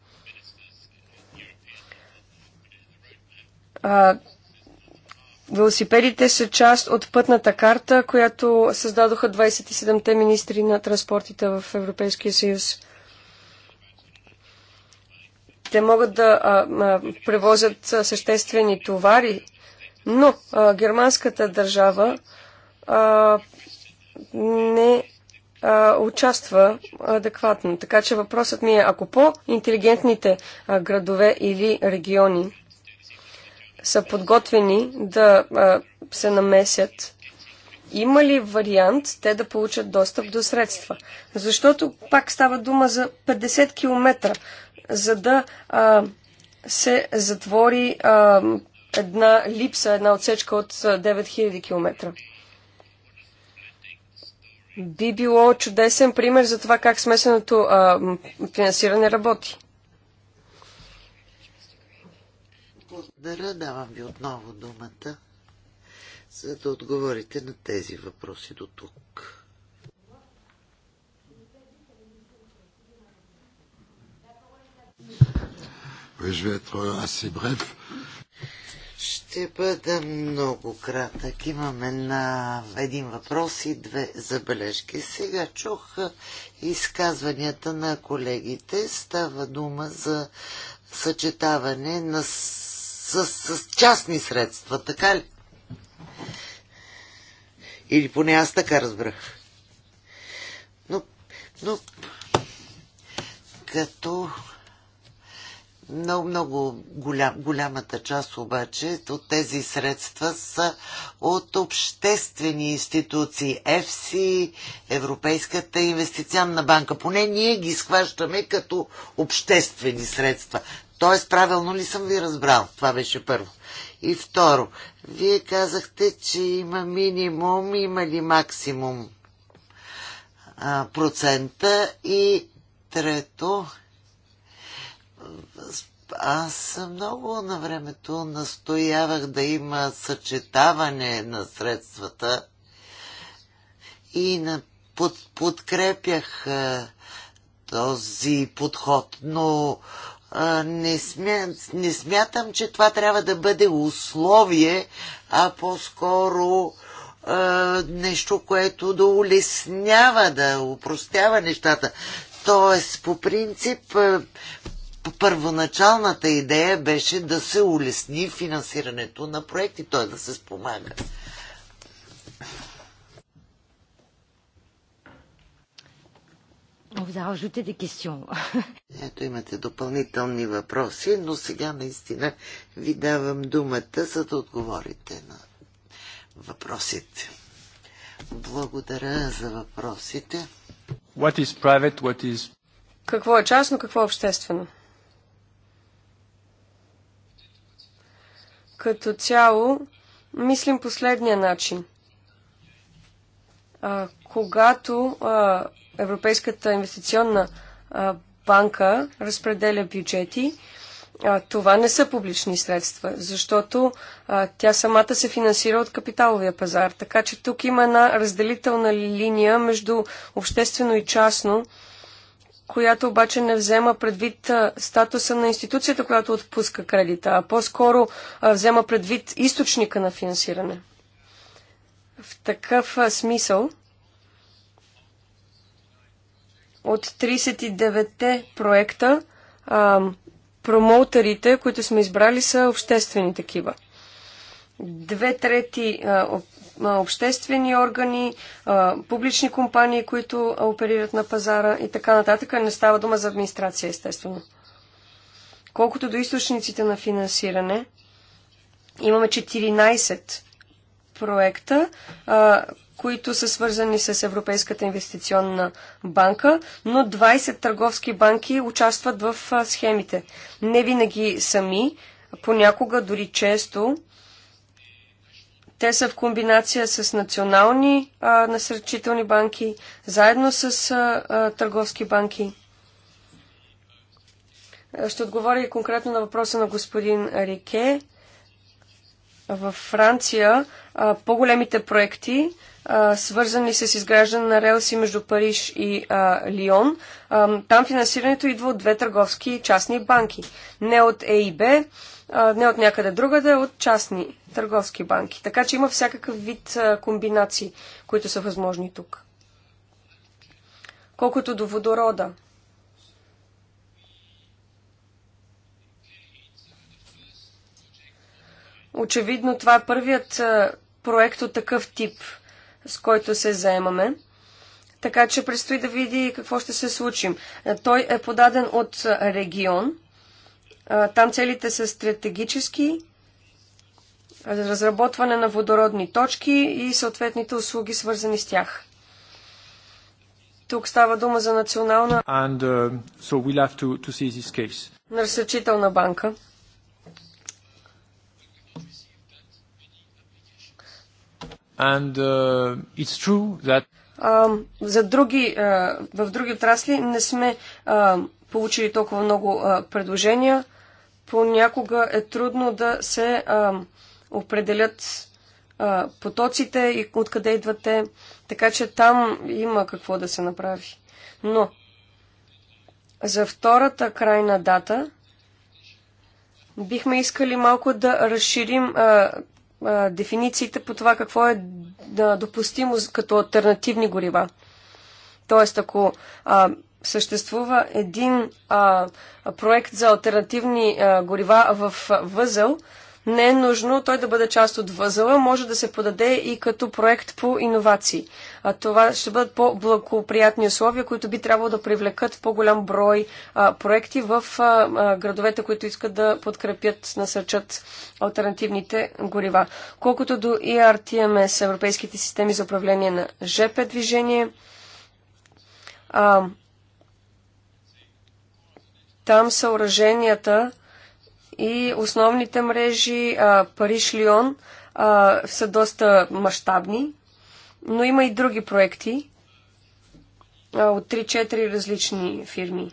А, велосипедите са част от пътната карта, която създадоха 27-те министри на транспортите в Европейския съюз. Те могат да а, а, превозят съществени товари, но а, германската държава а, не а, участва адекватно. Така че въпросът ми е, ако по-интелигентните градове или региони са подготвени да а, се намесят, има ли вариант те да получат достъп до средства? Защото пак става дума за 50 км, за да а, се затвори а, една липса, една отсечка от 9000 км. Би било чудесен пример за това как смесеното а, финансиране работи. Благодаря, давам ви отново думата, за да отговорите на тези въпроси до тук. Ще бъда много кратък. Имаме на един въпрос и две забележки. Сега чух изказванията на колегите. Става дума за съчетаване на с, с частни средства, така ли? Или поне аз така разбрах. Но, но като много, много голям, голямата част обаче от тези средства са от обществени институции. ЕФСИ, Европейската инвестиционна банка. Поне ние ги схващаме като обществени средства. Тоест, правилно ли съм ви разбрал? Това беше първо. И второ, вие казахте, че има минимум, има ли максимум а, процента. И трето, аз много на времето настоявах да има съчетаване на средствата и на, под, подкрепях а, този подход, но не, смя, не смятам, че това трябва да бъде условие, а по-скоро нещо, което да улеснява, да упростява нещата. Тоест, по принцип, първоначалната идея беше да се улесни финансирането на проекти, т.е. да се спомага Ето имате допълнителни въпроси, но сега наистина ви давам думата, за да отговорите на въпросите. Благодаря за въпросите. What is private, what is... Какво е частно, какво е обществено? Като цяло, мислим последния начин. А, когато а, Европейската инвестиционна банка разпределя бюджети. Това не са публични средства, защото тя самата се финансира от капиталовия пазар. Така че тук има една разделителна линия между обществено и частно, която обаче не взема предвид статуса на институцията, която отпуска кредита, а по-скоро взема предвид източника на финансиране. В такъв смисъл от 39-те проекта а, промоутерите, които сме избрали, са обществени такива. Две трети а, обществени органи, а, публични компании, които оперират на пазара и така нататък. Не става дума за администрация, естествено. Колкото до източниците на финансиране, имаме 14 проекта, а, които са свързани с Европейската инвестиционна банка, но 20 търговски банки участват в схемите. Не винаги сами, понякога дори често. Те са в комбинация с национални а, насърчителни банки, заедно с а, а, търговски банки. Ще отговоря и конкретно на въпроса на господин Рике. Във Франция по-големите проекти свързани с изграждане на релси между Париж и а, Лион. А, там финансирането идва от две търговски частни банки. Не от ЕИБ, а, не от някъде друга, да от частни търговски банки. Така че има всякакъв вид а, комбинации, които са възможни тук. Колкото до водорода. Очевидно това е първият а, проект от такъв тип – с който се заемаме. Така че предстои да види какво ще се случим. Той е подаден от регион. Там целите са стратегически, разработване на водородни точки и съответните услуги, свързани с тях. Тук става дума за национална And, uh, so we'll have to, to see this case. насърчителна банка. And, uh, it's true that... за други, в други отрасли не сме получили толкова много предложения. Понякога е трудно да се определят потоците и откъде идват те. Така че там има какво да се направи. Но за втората крайна дата бихме искали малко да разширим а, дефинициите по това какво е допустимо като альтернативни горива. Тоест, ако а, съществува един а, проект за альтернативни а, горива в възъл, не е нужно той да бъде част от възела, може да се подаде и като проект по иновации. А това ще бъдат по-благоприятни условия, които би трябвало да привлекат по-голям брой а, проекти в а, а, градовете, които искат да подкрепят, насърчат альтернативните горива. Колкото до ERTMS, Европейските системи за управление на ЖП движение, а, там съоръженията и основните мрежи Париж-Лион са доста мащабни, но има и други проекти а, от 3-4 различни фирми.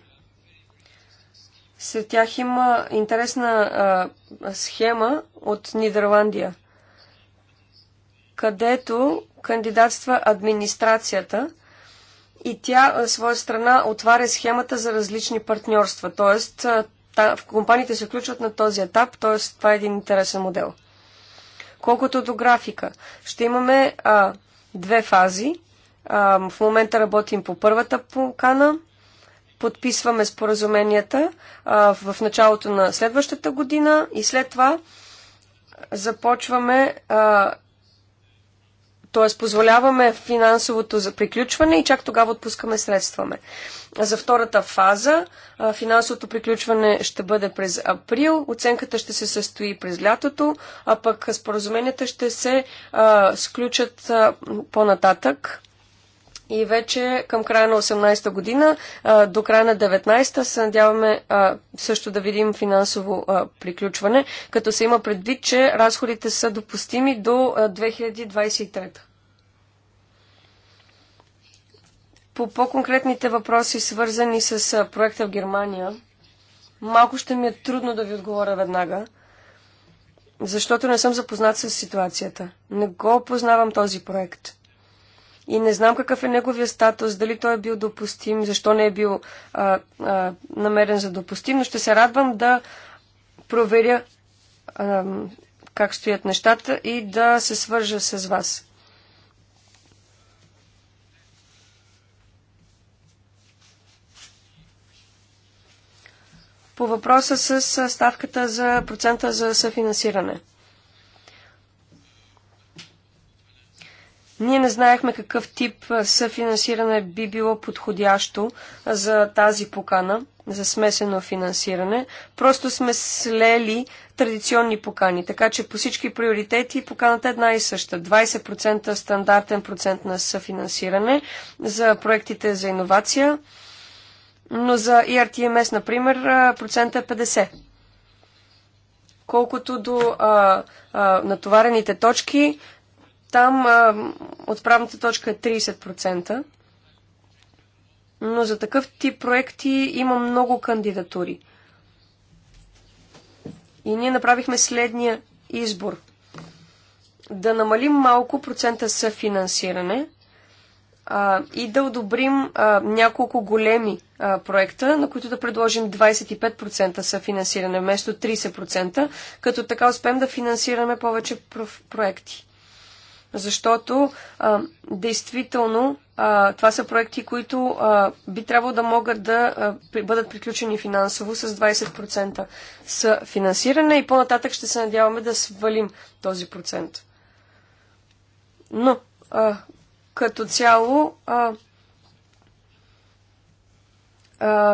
След тях има интересна а, схема от Нидерландия, където кандидатства администрацията и тя, от своя страна, отваря схемата за различни партньорства. Тоест, компаниите се включват на този етап, т.е. това е един интересен модел. Колкото до графика, ще имаме а, две фази. А, в момента работим по първата покана, подписваме споразуменията а, в началото на следващата година и след това започваме а, Тоест, позволяваме финансовото за приключване и чак тогава отпускаме средстваме. За втората фаза финансовото приключване ще бъде през април, оценката ще се състои през лятото, а пък споразуменията ще се а, сключат по-нататък и вече към края на 18-та година, до края на 19-та се надяваме също да видим финансово приключване, като се има предвид, че разходите са допустими до 2023-та. По по-конкретните въпроси, свързани с проекта в Германия, малко ще ми е трудно да ви отговоря веднага, защото не съм запознат с ситуацията. Не го познавам този проект – и не знам какъв е неговия статус, дали той е бил допустим, защо не е бил а, а, намерен за допустим, но ще се радвам да проверя а, как стоят нещата и да се свържа с вас. По въпроса с ставката за процента за съфинансиране – Ние не знаехме какъв тип съфинансиране би било подходящо за тази покана, за смесено финансиране. Просто сме слели традиционни покани, така че по всички приоритети поканата е една и съща. 20% стандартен процент на съфинансиране за проектите за иновация, но за ERTMS, например, процента е 50%. Колкото до а, а, натоварените точки, там а, отправната точка е 30%, но за такъв тип проекти има много кандидатури. И ние направихме следния избор. Да намалим малко процента съфинансиране а, и да одобрим а, няколко големи а, проекта, на които да предложим 25% съфинансиране вместо 30%, като така успеем да финансираме повече проекти защото а, действително а, това са проекти, които а, би трябвало да могат да а, при, бъдат приключени финансово с 20% с финансиране и по-нататък ще се надяваме да свалим този процент. Но а, като цяло а,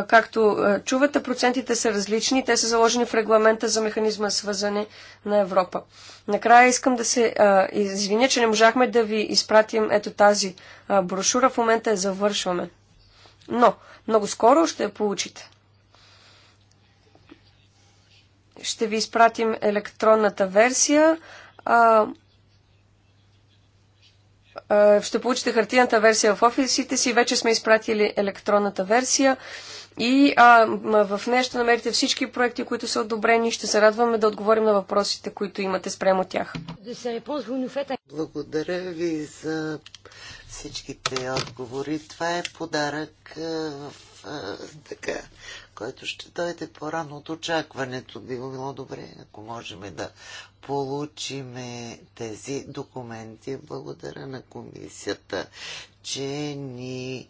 Както чувате, процентите са различни. Те са заложени в регламента за механизма свързане на Европа. Накрая искам да се извиня, че не можахме да ви изпратим ето тази брошура. В момента я завършваме. Но много скоро ще я получите. Ще ви изпратим електронната версия ще получите хартината версия в офисите си. Вече сме изпратили електронната версия. И а, в нея ще намерите всички проекти, които са одобрени. Ще се радваме да отговорим на въпросите, които имате спрямо тях. Благодаря ви за всичките отговори. Това е подарък в така който ще дойде по-рано от очакването. Би било добре, ако можем да получим тези документи. Благодаря на комисията, че ни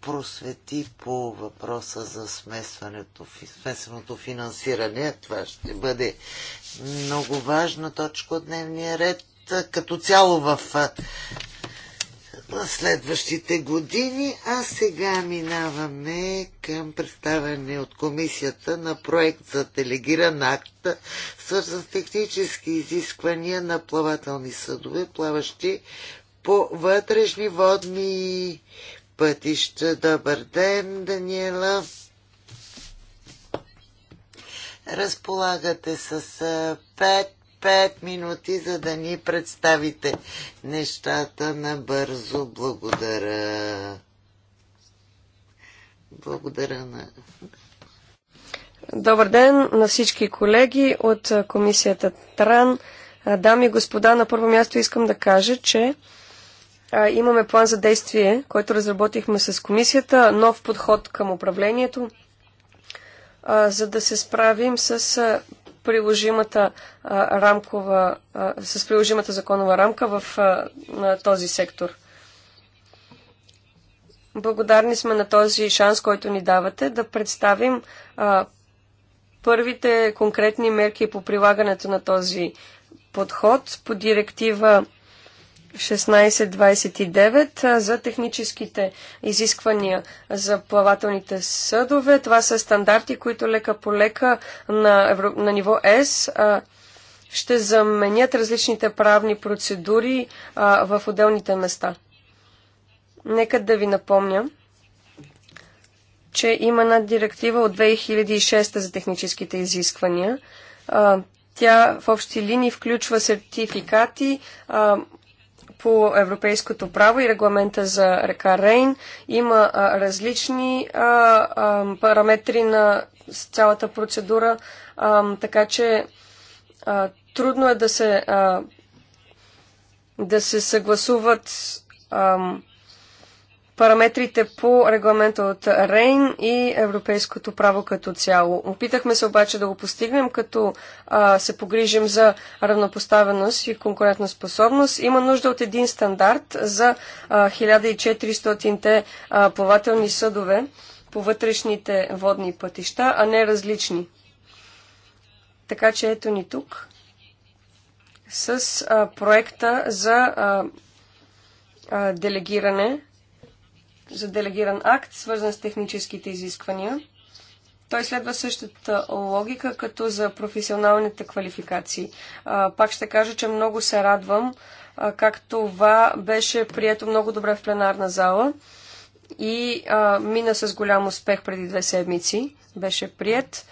просвети по въпроса за смесването, смесеното финансиране. Това ще бъде много важна точка от дневния ред. Като цяло в следващите години, а сега минаваме към представяне от комисията на проект за делегиран акт, свързан с технически изисквания на плавателни съдове, плаващи по вътрешни водни пътища. Добър ден, Даниела! Разполагате с пет. 5 минути, за да ни представите нещата набързо. Благодаря. Благодаря на. Добър ден на всички колеги от комисията Тран. Дами и господа, на първо място искам да кажа, че имаме план за действие, който разработихме с комисията, нов подход към управлението, за да се справим с приложимата а, рамкова, а, с приложимата законова рамка в а, на този сектор. Благодарни сме на този шанс, който ни давате да представим а, първите конкретни мерки по прилагането на този подход по директива 1629 за техническите изисквания за плавателните съдове. Това са стандарти, които лека по лека на, Евро... на ниво С ще заменят различните правни процедури а, в отделните места. Нека да ви напомня, че има една директива от 2006 за техническите изисквания. А, тя в общи линии включва сертификати, а, по европейското право и регламента за река Рейн. Има а, различни а, а, параметри на цялата процедура, а, така че а, трудно е да се, а, да се съгласуват а, параметрите по регламента от Рейн и европейското право като цяло. Опитахме се обаче да го постигнем, като а, се погрижим за равнопоставеност и конкурентоспособност. Има нужда от един стандарт за а, 1400-те а, плавателни съдове по вътрешните водни пътища, а не различни. Така че ето ни тук с а, проекта за а, а, делегиране за делегиран акт, свързан с техническите изисквания. Той следва същата логика, като за професионалните квалификации. Пак ще кажа, че много се радвам, как това беше прието много добре в пленарна зала и мина с голям успех преди две седмици беше прият,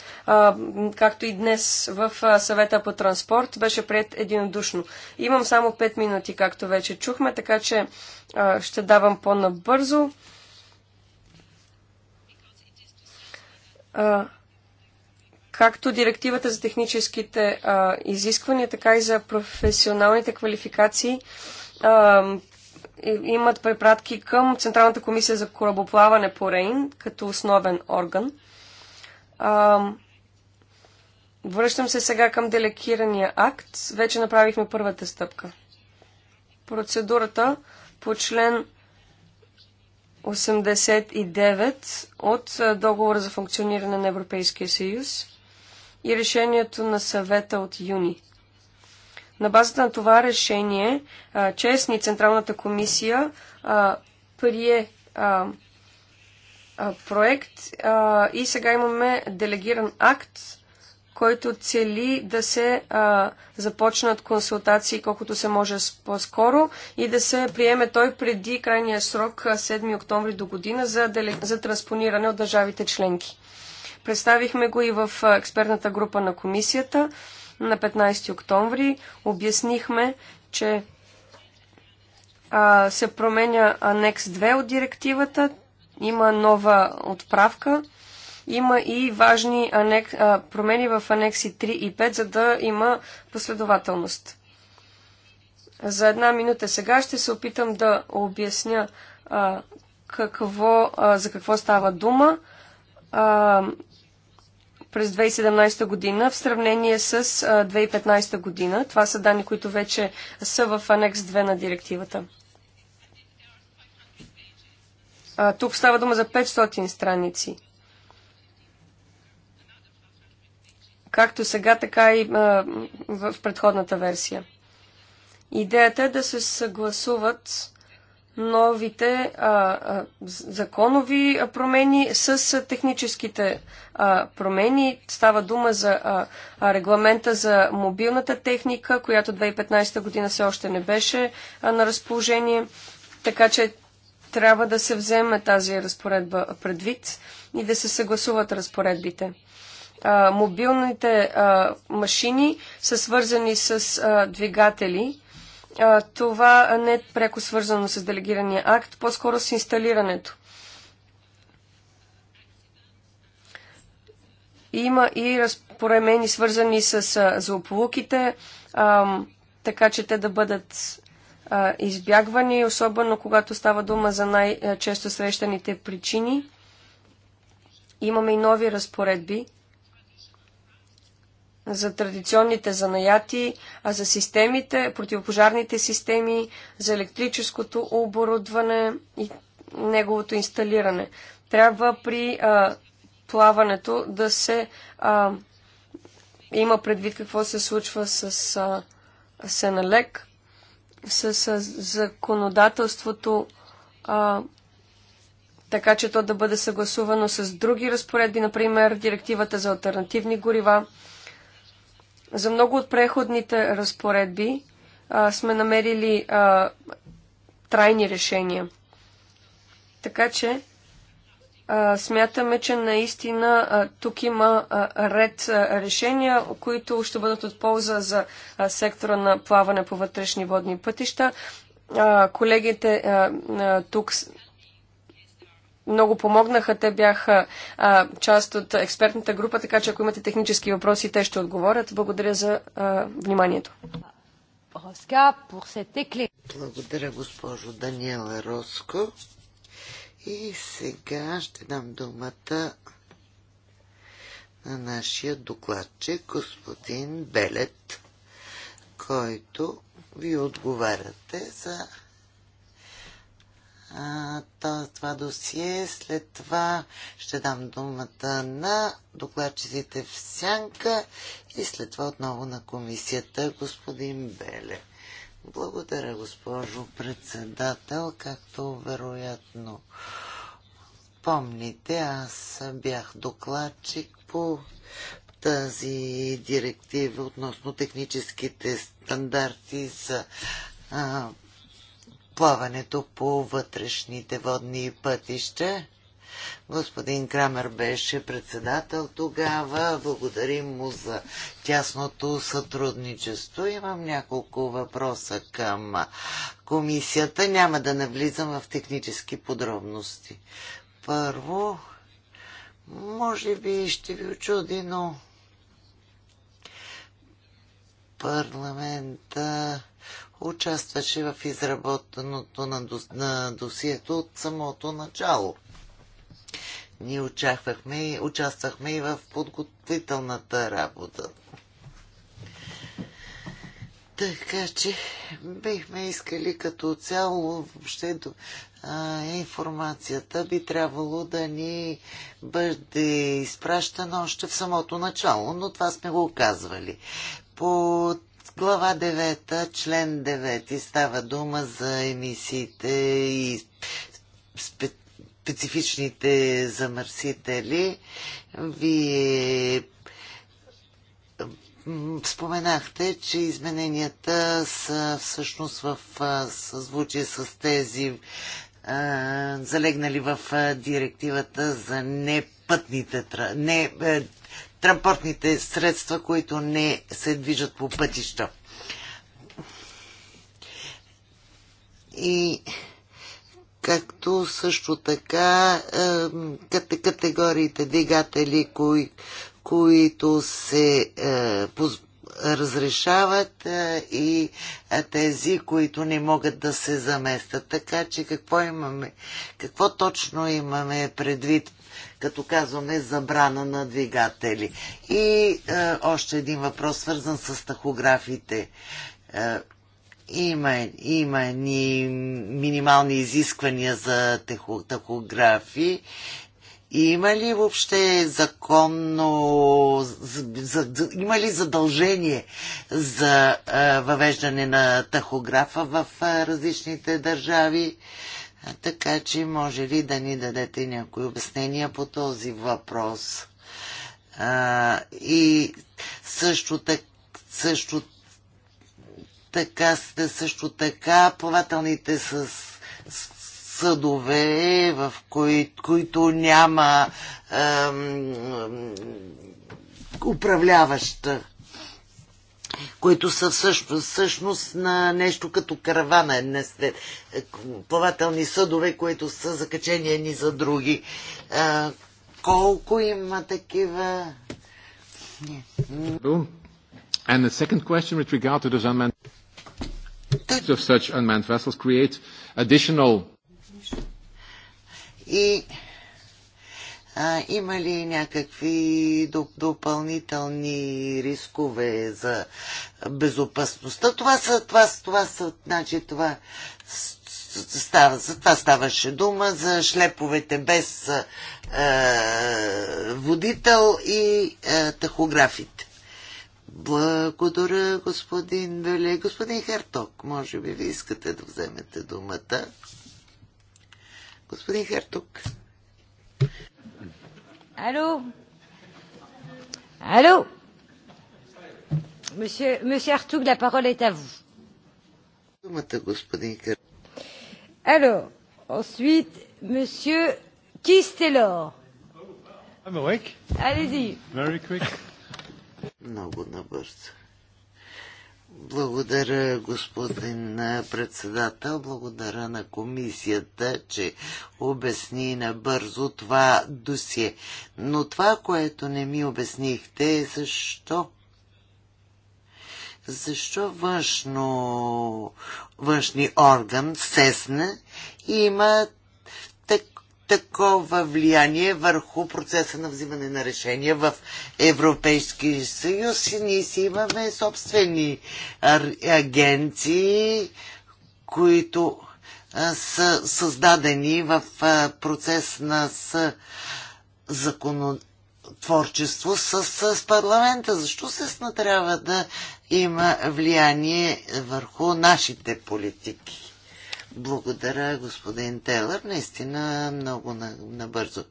както и днес в съвета по транспорт беше прият единодушно. Имам само 5 минути, както вече чухме, така че ще давам по-набързо. както директивата за техническите изисквания, така и за професионалните квалификации имат препратки към Централната комисия за корабоплаване по Рейн като основен орган. А, връщам се сега към делегирания акт. Вече направихме първата стъпка. Процедурата по член 89 от Договора за функциониране на Европейския съюз и решението на съвета от юни. На базата на това решение, честни Централната комисия прие проект и сега имаме делегиран акт, който цели да се а, започнат консултации колкото се може по-скоро и да се приеме той преди крайния срок 7 октомври до година за, делег... за транспониране от държавите членки. Представихме го и в експертната група на комисията на 15 октомври. Обяснихме, че а, се променя анекс 2 от директивата. Има нова отправка. Има и важни анек... промени в анекси 3 и 5, за да има последователност. За една минута сега ще се опитам да обясня а, какво, а, за какво става дума. А, през 2017 година в сравнение с 2015 година. Това са данни, които вече са в анекс 2 на директивата. А, тук става дума за 500 страници. Както сега, така и а, в предходната версия. Идеята е да се съгласуват новите а, а, законови промени с а, техническите а, промени. Става дума за а, а, регламента за мобилната техника, която 2015 година все още не беше а, на разположение. Така че трябва да се вземе тази разпоредба предвид и да се съгласуват разпоредбите. А, мобилните а, машини са свързани с а, двигатели. А, това не е преко свързано с делегирания акт, по-скоро с инсталирането. Има и разпоремени свързани с а, злополуките, а, така че те да бъдат избягвани, особено когато става дума за най-често срещаните причини. Имаме и нови разпоредби за традиционните занаяти, а за системите, противопожарните системи, за електрическото оборудване и неговото инсталиране. Трябва при а, плаването да се а, има предвид какво се случва с а, сеналек с, с законодателството, а, така че то да бъде съгласувано с други разпоредби, например директивата за альтернативни горива. За много от преходните разпоредби а, сме намерили а, трайни решения. Така че смятаме, че наистина тук има ред решения, които ще бъдат от полза за сектора на плаване по вътрешни водни пътища. Колегите тук много помогнаха. Те бяха а, част от експертната група, така че ако имате технически въпроси, те ще отговорят. Благодаря за а, вниманието. Благодаря, госпожо Даниела Роско. И сега ще дам думата на нашия докладчик, господин Белет, който ви отговаряте за това досие. След това ще дам думата на докладчиците в сянка и след това отново на комисията господин Белет. Благодаря, госпожо председател. Както вероятно помните, аз бях докладчик по тази директива относно техническите стандарти за а, плаването по вътрешните водни пътища. Господин Крамер беше председател тогава. Благодарим му за тясното сътрудничество. Имам няколко въпроса към комисията. Няма да навлизам в технически подробности. Първо, може би ще ви очуди, но парламента участваше в изработеното на, досието от самото начало. Ние очаквахме, и участвахме и в подготвителната работа. Така че бихме искали като цяло въобще а, информацията би трябвало да ни бъде изпращана още в самото начало, но това сме го оказвали. По глава 9, член 9 става дума за емисиите и специфичните замърсители. Вие споменахте, че измененията са всъщност в съзвучие с тези а, залегнали в директивата за непътните, не, е, транспортните средства, които не се движат по пътища. И както също така категориите двигатели, кои, които се е, разрешават е, и е, тези, които не могат да се заместят. Така че какво имаме, какво точно имаме предвид, като казваме забрана на двигатели? И е, още един въпрос, свързан с тахографите. Е, има, има ни минимални изисквания за тахографи. Има ли въобще законно, за, за, има ли задължение за а, въвеждане на тахографа в а, различните държави? А, така че може ли да ни дадете някои обяснения по този въпрос? А, и също, так, също така сте също така плавателните с съдове, в кои, които няма ем, управляваща, които са всъщност, всъщност на нещо като каравана, не сте, е, плавателни съдове, които са закачени едни за други. Е, колко има такива? Не. And the second question with regard to those unmanned of such unmanned vessels create additional и а, има ли някакви допълнителни рискове за безопасността? Това са, това, са, това са, значи, това става, за това ставаше дума, за шлеповете без е, водител и е, тахографите. Благодаря, господин Веле. Господин Харток, може би ви искате да вземете думата. Господин Харток. Алло? Алло? Monsieur, Артук, да парола е est à Думата, господин Харток. Alors, ensuite, monsieur Kistelor. Oh, wow. I'm awake. Allez-y. Very quick. Много набързо. Благодаря, господин председател. Благодаря на комисията, че обясни набързо това досие. Но това, което не ми обяснихте е защо защо външно, външни орган, СЕСНА, има такова влияние върху процеса на взимане на решения в Европейски съюз и ние си имаме собствени агенции, които са създадени в процес на законотворчество с, с парламента. Защо се снатрява да има влияние върху нашите политики? Благодаря, господин Телър. Наистина много набързо.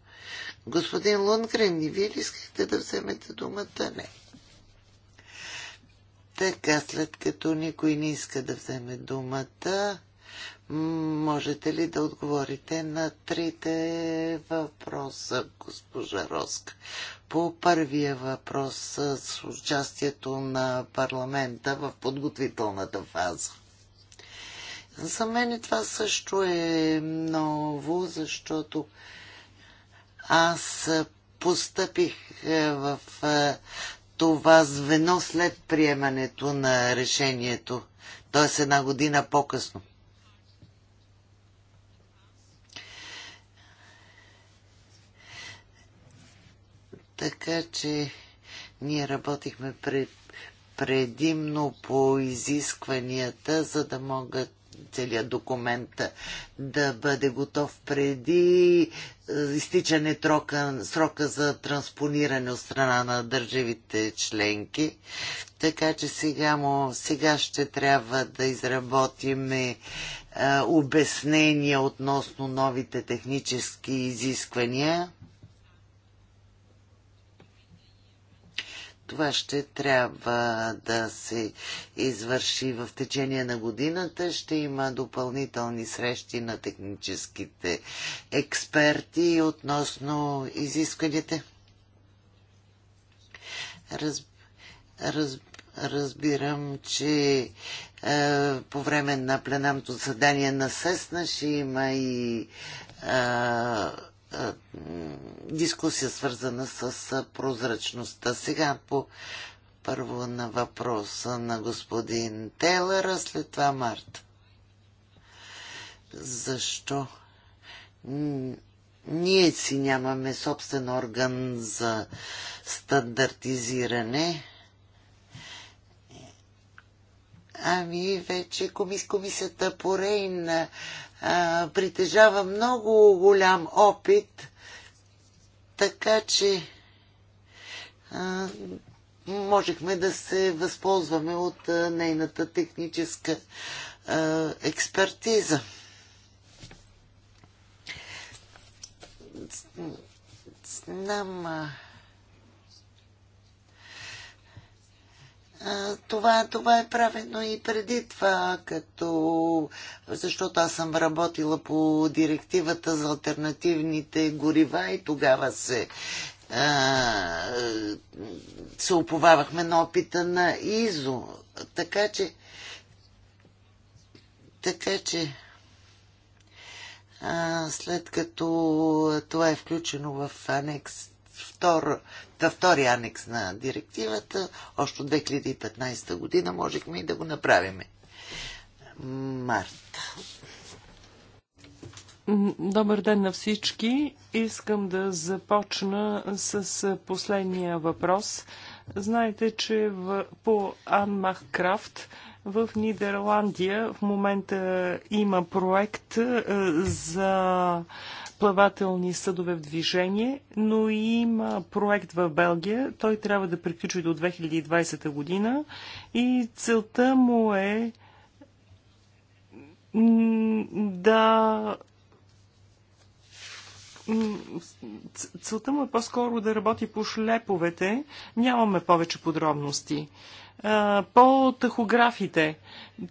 Господин Лунгрен, и вие ли искахте да вземете думата? Не. Така, след като никой не иска да вземе думата, можете ли да отговорите на трите въпроса, госпожа Роск? По първия въпрос с участието на парламента в подготвителната фаза. За мен това също е ново, защото аз постъпих е, в е, това звено след приемането на решението, т.е. една година по-късно. Така че ние работихме пред, предимно по изискванията, за да могат целият документ да бъде готов преди е, изтичане трока, срока за транспониране от страна на държавите членки. Така че сега, му, сега ще трябва да изработим е, обяснения относно новите технически изисквания това ще трябва да се извърши в течение на годината. Ще има допълнителни срещи на техническите експерти относно изискванията. Раз, раз, разбирам, че е, по време на пленамто задание на СЕСНА ще има и е, дискусия свързана с прозрачността. Сега по първо на въпроса на господин Телера, след това март. Защо? Ние си нямаме собствен орган за стандартизиране. Ами вече комис, комисията по Рейна а, притежава много голям опит, така че а, можехме да се възползваме от а, нейната техническа а, експертиза. Знам. А това, това е правено и преди това, като, защото аз съм работила по директивата за альтернативните горива и тогава се а, се оповавахме на опита на ИЗО. Така че така че а, след като това е включено в анекс втор, втори анекс на директивата, още от 2015 година можехме и да го направим. Марта. Добър ден на всички. Искам да започна с последния въпрос. Знаете, че в, по Анмах Крафт в Нидерландия в момента има проект е, за плавателни съдове в движение, но и има проект в Белгия. Той трябва да приключи до 2020 година и целта му е да целта му е по-скоро да работи по шлеповете. Нямаме повече подробности по тахографите.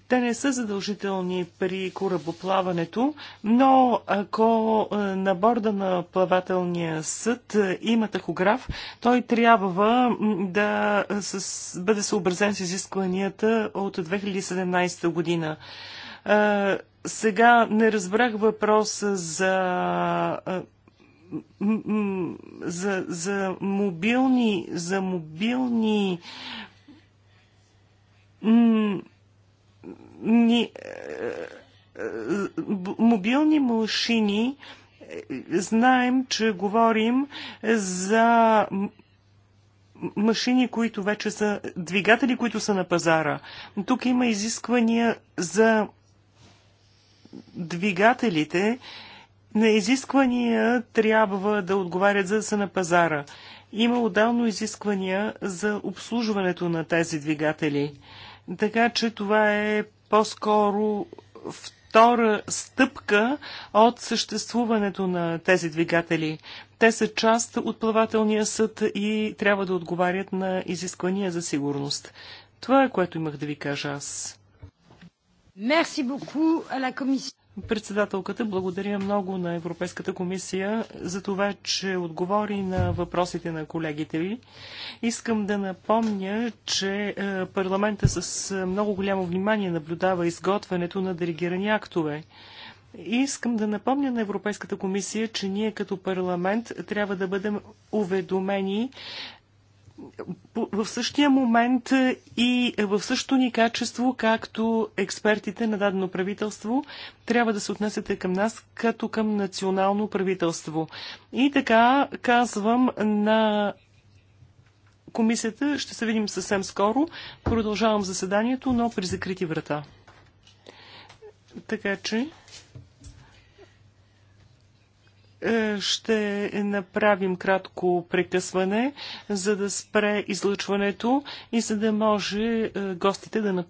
Те не са задължителни при корабоплаването, но ако на борда на плавателния съд има тахограф, той трябва да бъде съобразен с изискванията от 2017 година. Сега не разбрах въпроса за за, за мобилни, за мобилни ни, е, е, мобилни машини е, знаем, че говорим за машини, които вече са двигатели, които са на пазара. Тук има изисквания за двигателите. На изисквания трябва да отговарят за да са на пазара. Има отдално изисквания за обслужването на тези двигатели. Така че това е по-скоро втора стъпка от съществуването на тези двигатели. Те са част от плавателния съд и трябва да отговарят на изисквания за сигурност. Това е което имах да ви кажа аз. Merci beaucoup à la commission. Председателката, благодаря много на Европейската комисия за това, че отговори на въпросите на колегите ви. Искам да напомня, че е, парламента с е, много голямо внимание наблюдава изготвянето на делегирани актове. И искам да напомня на Европейската комисия, че ние като парламент трябва да бъдем уведомени в същия момент и в същото ни качество, както експертите на дадено правителство, трябва да се отнесете към нас като към национално правителство. И така казвам на комисията, ще се видим съвсем скоро. Продължавам заседанието, но при закрити врата. Така че... Е, ще направим кратко прекъсване, за да спре излъчването и за да може е, гостите да направят